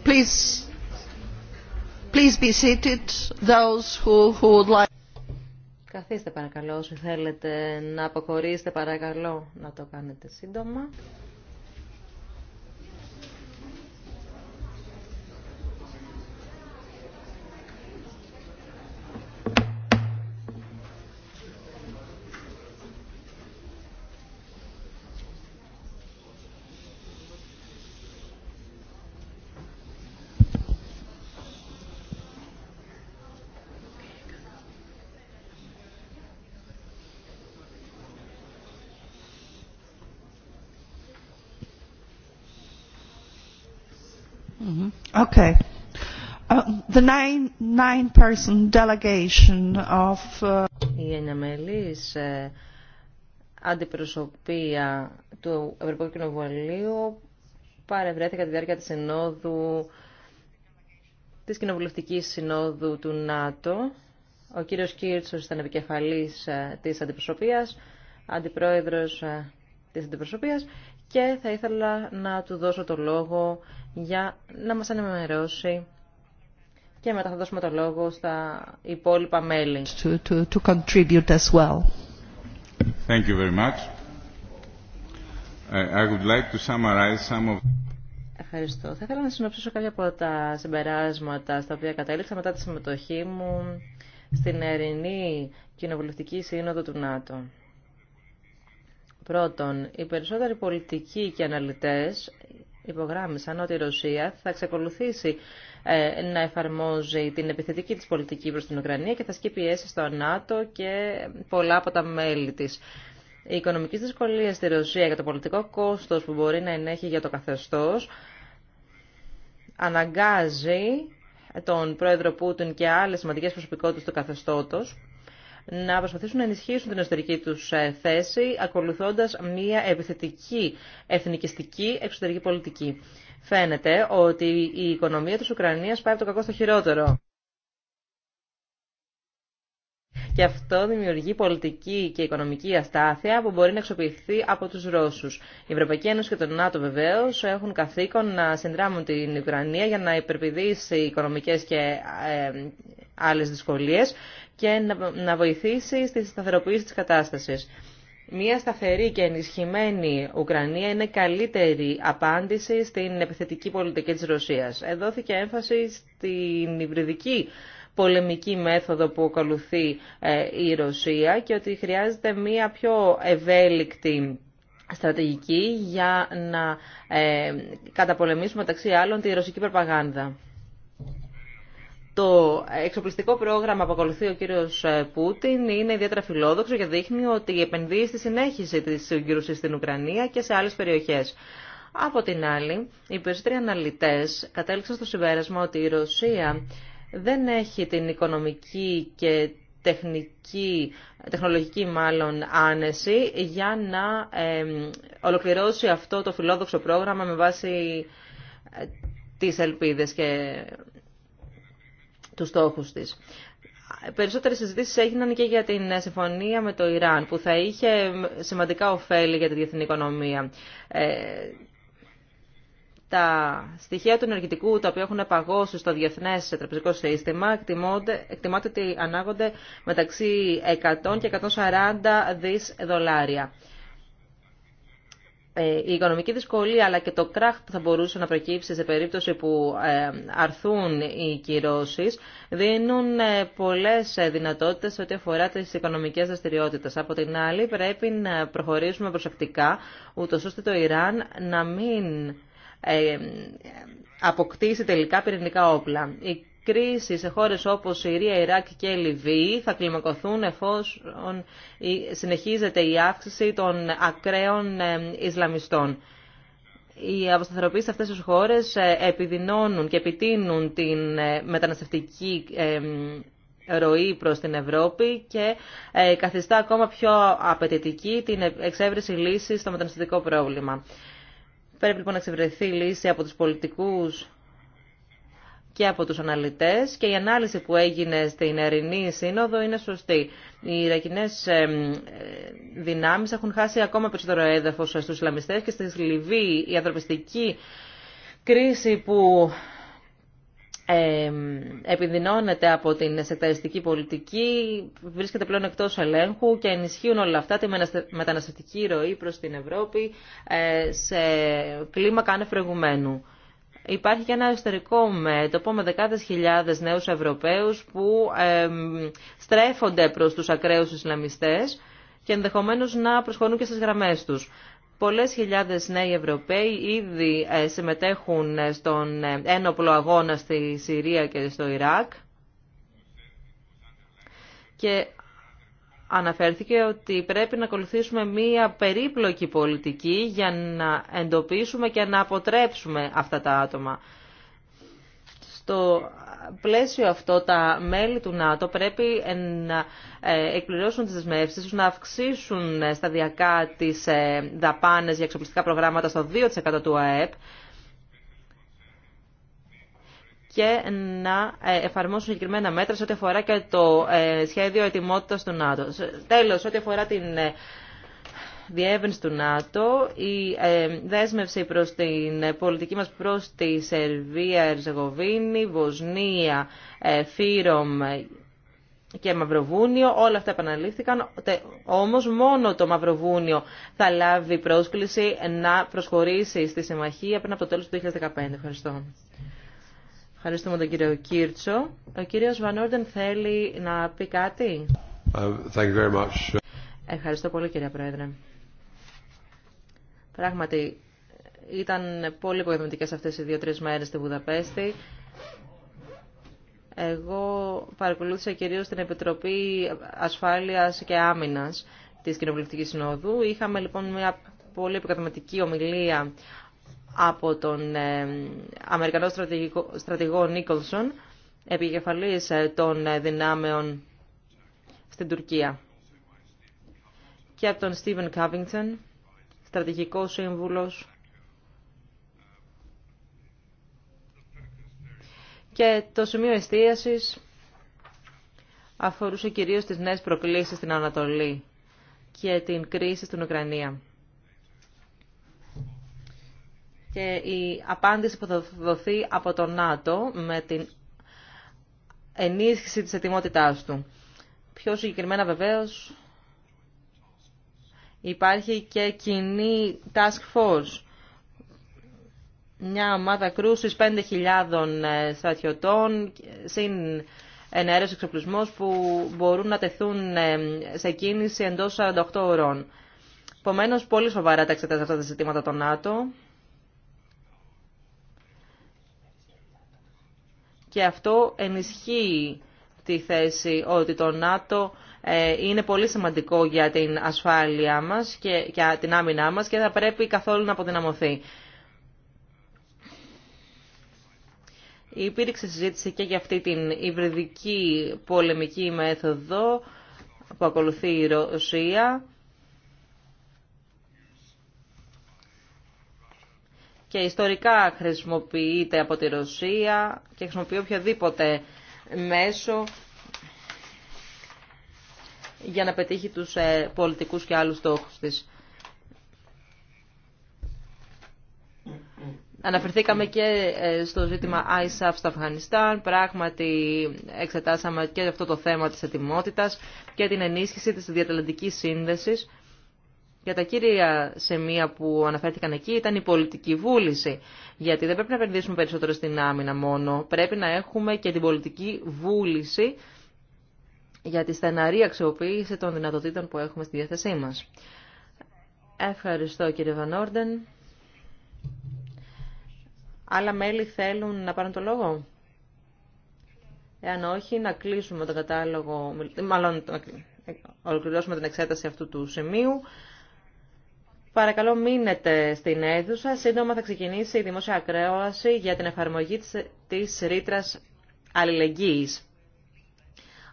please please be seated those who, who would like Καθίστε παρακαλώ όσοι θέλετε να αποχωρήσετε παρακαλώ να το κάνετε σύντομα Uh, the uh, Η ε, αντιπροσωπεία του Ευρωπαϊκού Κοινοβουλίου παρευρέθηκε τη διάρκεια τη συνόδου της Κοινοβουλευτικής Συνόδου του ΝΑΤΟ. Ο κύριος Κίρτσος ήταν επικεφαλής ε, της αντιπροσωπείας, αντιπρόεδρος ε, της αντιπροσωπείας και θα ήθελα να του δώσω το λόγο για να μας ενημερώσει και μετά θα δώσουμε το λόγο στα υπόλοιπα μέλη. To, to, to contribute as well. Thank you very much. I would like to summarize some of... Ευχαριστώ. Θα ήθελα να συνοψίσω κάποια από τα συμπεράσματα στα οποία κατέληξα μετά τη συμμετοχή μου στην Ερηνή Κοινοβουλευτική Σύνοδο του ΝΑΤΟ. Πρώτον, οι περισσότεροι πολιτικοί και αναλυτές υπογράμμισαν ότι η Ρωσία θα εξακολουθήσει ε, να εφαρμόζει την επιθετική της πολιτική προς την Ουκρανία και θα ασκεί πιέσει στο ΝΑΤΟ και πολλά από τα μέλη της. Οι οικονομικές δυσκολίες στη Ρωσία και το πολιτικό κόστος που μπορεί να ενέχει για το καθεστώς αναγκάζει τον πρόεδρο Πούτιν και άλλες σημαντικές προσωπικότητες του καθεστώτος να προσπαθήσουν να ενισχύσουν την εσωτερική του ε, θέση ακολουθώντας μια επιθετική εθνικιστική εξωτερική πολιτική. Φαίνεται ότι η οικονομία της Ουκρανίας πάει από το κακό στο χειρότερο. Και αυτό δημιουργεί πολιτική και οικονομική αστάθεια που μπορεί να εξοπληθεί από του Ρώσου. Η Ευρωπαϊκή Ένωση και το ΝΑΤΟ βεβαίω έχουν καθήκον να συνδράμουν την Ουκρανία για να υπερπηδήσει οικονομικέ και ε, άλλε δυσκολίε και να βοηθήσει στη σταθεροποίηση τη κατάσταση. Μια σταθερή και ενισχυμένη Ουκρανία είναι καλύτερη απάντηση στην επιθετική πολιτική της Ρωσίας. Εδώθηκε έμφαση στην υβριδική πολεμική μέθοδο που ακολουθεί ε, η Ρωσία και ότι χρειάζεται μία πιο ευέλικτη στρατηγική για να ε, καταπολεμήσουμε μεταξύ άλλων τη ρωσική προπαγάνδα. Το εξοπλιστικό πρόγραμμα που ακολουθεί ο κύριος ε, Πούτιν είναι ιδιαίτερα φιλόδοξο και δείχνει ότι επενδύει στη συνέχιση της συγκρούσης στην Ουκρανία και σε άλλες περιοχές. Από την άλλη, οι περισσότεροι αναλυτές κατέληξαν στο συμπέρασμα ότι η Ρωσία δεν έχει την οικονομική και τεχνική, τεχνολογική μάλλον άνεση για να ολοκληρώσει αυτό το φιλόδοξο πρόγραμμα με βάση ε, τις ελπίδες και τους στόχους της. Περισσότερες συζητήσεις έγιναν και για την συμφωνία με το Ιράν, που θα είχε σημαντικά ωφέλη για τη διεθνή οικονομία. Ε, τα στοιχεία του ενεργητικού τα οποία έχουν παγώσει στο διεθνέ τραπεζικό σύστημα εκτιμάται ότι ανάγονται μεταξύ 100 και 140 δι δολάρια. Ε, η οικονομική δυσκολία αλλά και το κράχ που θα μπορούσε να προκύψει σε περίπτωση που ε, αρθούν οι κυρώσεις δίνουν ε, πολλές δυνατότητες ό,τι αφορά τις οικονομικές δραστηριότητες. Από την άλλη πρέπει να προχωρήσουμε προσεκτικά ούτως ώστε το Ιράν να μην ε, αποκτήσει τελικά πυρηνικά όπλα. Οι κρίσεις σε χώρες όπως Συρία, Ιράκ και Λιβύη θα κλιμακωθούν εφόσον συνεχίζεται η αύξηση των ακραίων ε, Ισλαμιστών. Οι αποσταθεροποίησεις σε αυτές τις χώρες ε, επιδεινώνουν και επιτείνουν την μεταναστευτική ροή προς την Ευρώπη και καθιστά ακόμα πιο απαιτητική την εξέβριση λύσης στο μεταναστευτικό πρόβλημα. Πρέπει λοιπόν να εξευρεθεί λύση από τους πολιτικούς και από τους αναλυτές και η ανάλυση που έγινε στην Ερηνή Σύνοδο είναι σωστή. Οι Ιρακινές δυνάμεις έχουν χάσει ακόμα περισσότερο έδαφος στους Ισλαμιστές και στη Λιβύη η ανθρωπιστική κρίση που επιδεινώνεται από την σεκταριστική πολιτική, βρίσκεται πλέον εκτός ελέγχου και ενισχύουν όλα αυτά τη μεταναστευτική ροή προς την Ευρώπη ε, σε κάνε φρεγουμένου. Υπάρχει και ένα ιστορικό μέτωπο με δεκάδες χιλιάδες νέους Ευρωπαίους που στρέφονται προς τους ακραίους Ισλαμιστές και ενδεχομένως να προσχωρούν και στις γραμμές τους. Πολλές χιλιάδες νέοι Ευρωπαίοι ήδη ε, συμμετέχουν στον ε, ένοπλο αγώνα στη Συρία και στο Ιράκ. Και αναφέρθηκε ότι πρέπει να ακολουθήσουμε μία περίπλοκη πολιτική για να εντοπίσουμε και να αποτρέψουμε αυτά τα άτομα. Στο πλαίσιο αυτό τα μέλη του ΝΑΤΟ πρέπει να ε, εκπληρώσουν τις δεσμεύσεις, τους, να αυξήσουν σταδιακά τις ε, δαπάνες για εξοπλιστικά προγράμματα στο 2% του ΑΕΠ και να ε, εφαρμόσουν συγκεκριμένα μέτρα σε ό,τι αφορά και το σχέδιο ετοιμότητας του ΝΑΤΟ. Τέλος, ό,τι αφορά την διεύρυνση του ΝΑΤΟ, η ε, δέσμευση προς την ε, πολιτική μας προς τη Σερβία, Ερζεγοβίνη, Βοσνία, ε, Φύρομ και Μαυροβούνιο, όλα αυτά επαναλήφθηκαν, όμως μόνο το Μαυροβούνιο θα λάβει πρόσκληση να προσχωρήσει στη συμμαχία πριν από το τέλος του 2015. Ευχαριστώ. Ευχαριστούμε τον κύριο Κίρτσο. Ο κύριος Βανόρντεν θέλει να πει κάτι. Uh, Ευχαριστώ πολύ κύριε Πρόεδρε. Πράγματι, ήταν πολύ υποδομητικές αυτές οι δύο-τρεις μέρες στη Βουδαπέστη. Εγώ παρακολούθησα κυρίως την Επιτροπή Ασφάλειας και Άμυνας της Κοινοβουλευτικής Συνόδου. Είχαμε λοιπόν μια πολύ επικαταματική ομιλία από τον ε, Αμερικανό στρατηγό, Νίκολσον, επικεφαλής ε, των ε, δυνάμεων στην Τουρκία. Και από τον Στίβεν Κάβινγκτον, στρατηγικός σύμβουλος και το σημείο εστίασης αφορούσε κυρίως τις νέες προκλήσεις στην Ανατολή και την κρίση στην Ουκρανία. Και η απάντηση που θα δοθεί από το ΝΑΤΟ με την ενίσχυση της ετοιμότητάς του. Πιο συγκεκριμένα βεβαίως Υπάρχει και κοινή task force. Μια ομάδα κρούσης 5.000 ε, στρατιωτών συν ενέργειες εξοπλισμός που μπορούν να τεθούν ε, σε κίνηση εντός 48 ώρων. Επομένω, πολύ σοβαρά τα εξετάζει αυτά τα ζητήματα το ΝΑΤΟ. Και αυτό ενισχύει τη θέση ότι το ΝΑΤΟ ε, είναι πολύ σημαντικό για την ασφάλειά μας και για την άμυνά μας και θα πρέπει καθόλου να αποδυναμωθεί. Υπήρξε συζήτηση και για αυτή την υβριδική πολεμική μέθοδο που ακολουθεί η Ρωσία. Και ιστορικά χρησιμοποιείται από τη Ρωσία και χρησιμοποιεί οποιοδήποτε μέσο για να πετύχει τους ε, πολιτικούς και άλλους στόχους της. Αναφερθήκαμε και ε, στο ζήτημα ISAF στο Αφγανιστάν. Πράγματι εξετάσαμε και αυτό το θέμα της ετοιμότητας και την ενίσχυση της διατελετικής σύνδεσης. Για τα κύρια σημεία που αναφέρθηκαν εκεί ήταν η πολιτική βούληση. Γιατί δεν πρέπει να επενδύσουμε περισσότερο στην άμυνα μόνο. Πρέπει να έχουμε και την πολιτική βούληση για τη στεναρή αξιοποίηση των δυνατοτήτων που έχουμε στη διάθεσή μας. Ευχαριστώ κύριε Βανόρντεν. Άλλα μέλη θέλουν να πάρουν το λόγο. Εάν όχι, να κλείσουμε τον κατάλογο, μάλλον ολοκληρώσουμε την εξέταση αυτού του σημείου. Παρακαλώ μείνετε στην αίθουσα. Σύντομα θα ξεκινήσει η δημόσια ακρόαση για την εφαρμογή της ρήτρας αλληλεγγύης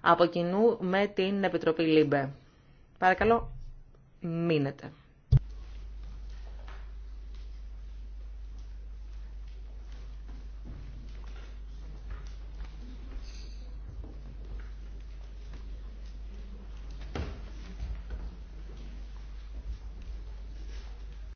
από κοινού με την Επιτροπή ΛΥΜΠΕ. Παρακαλώ, μείνετε.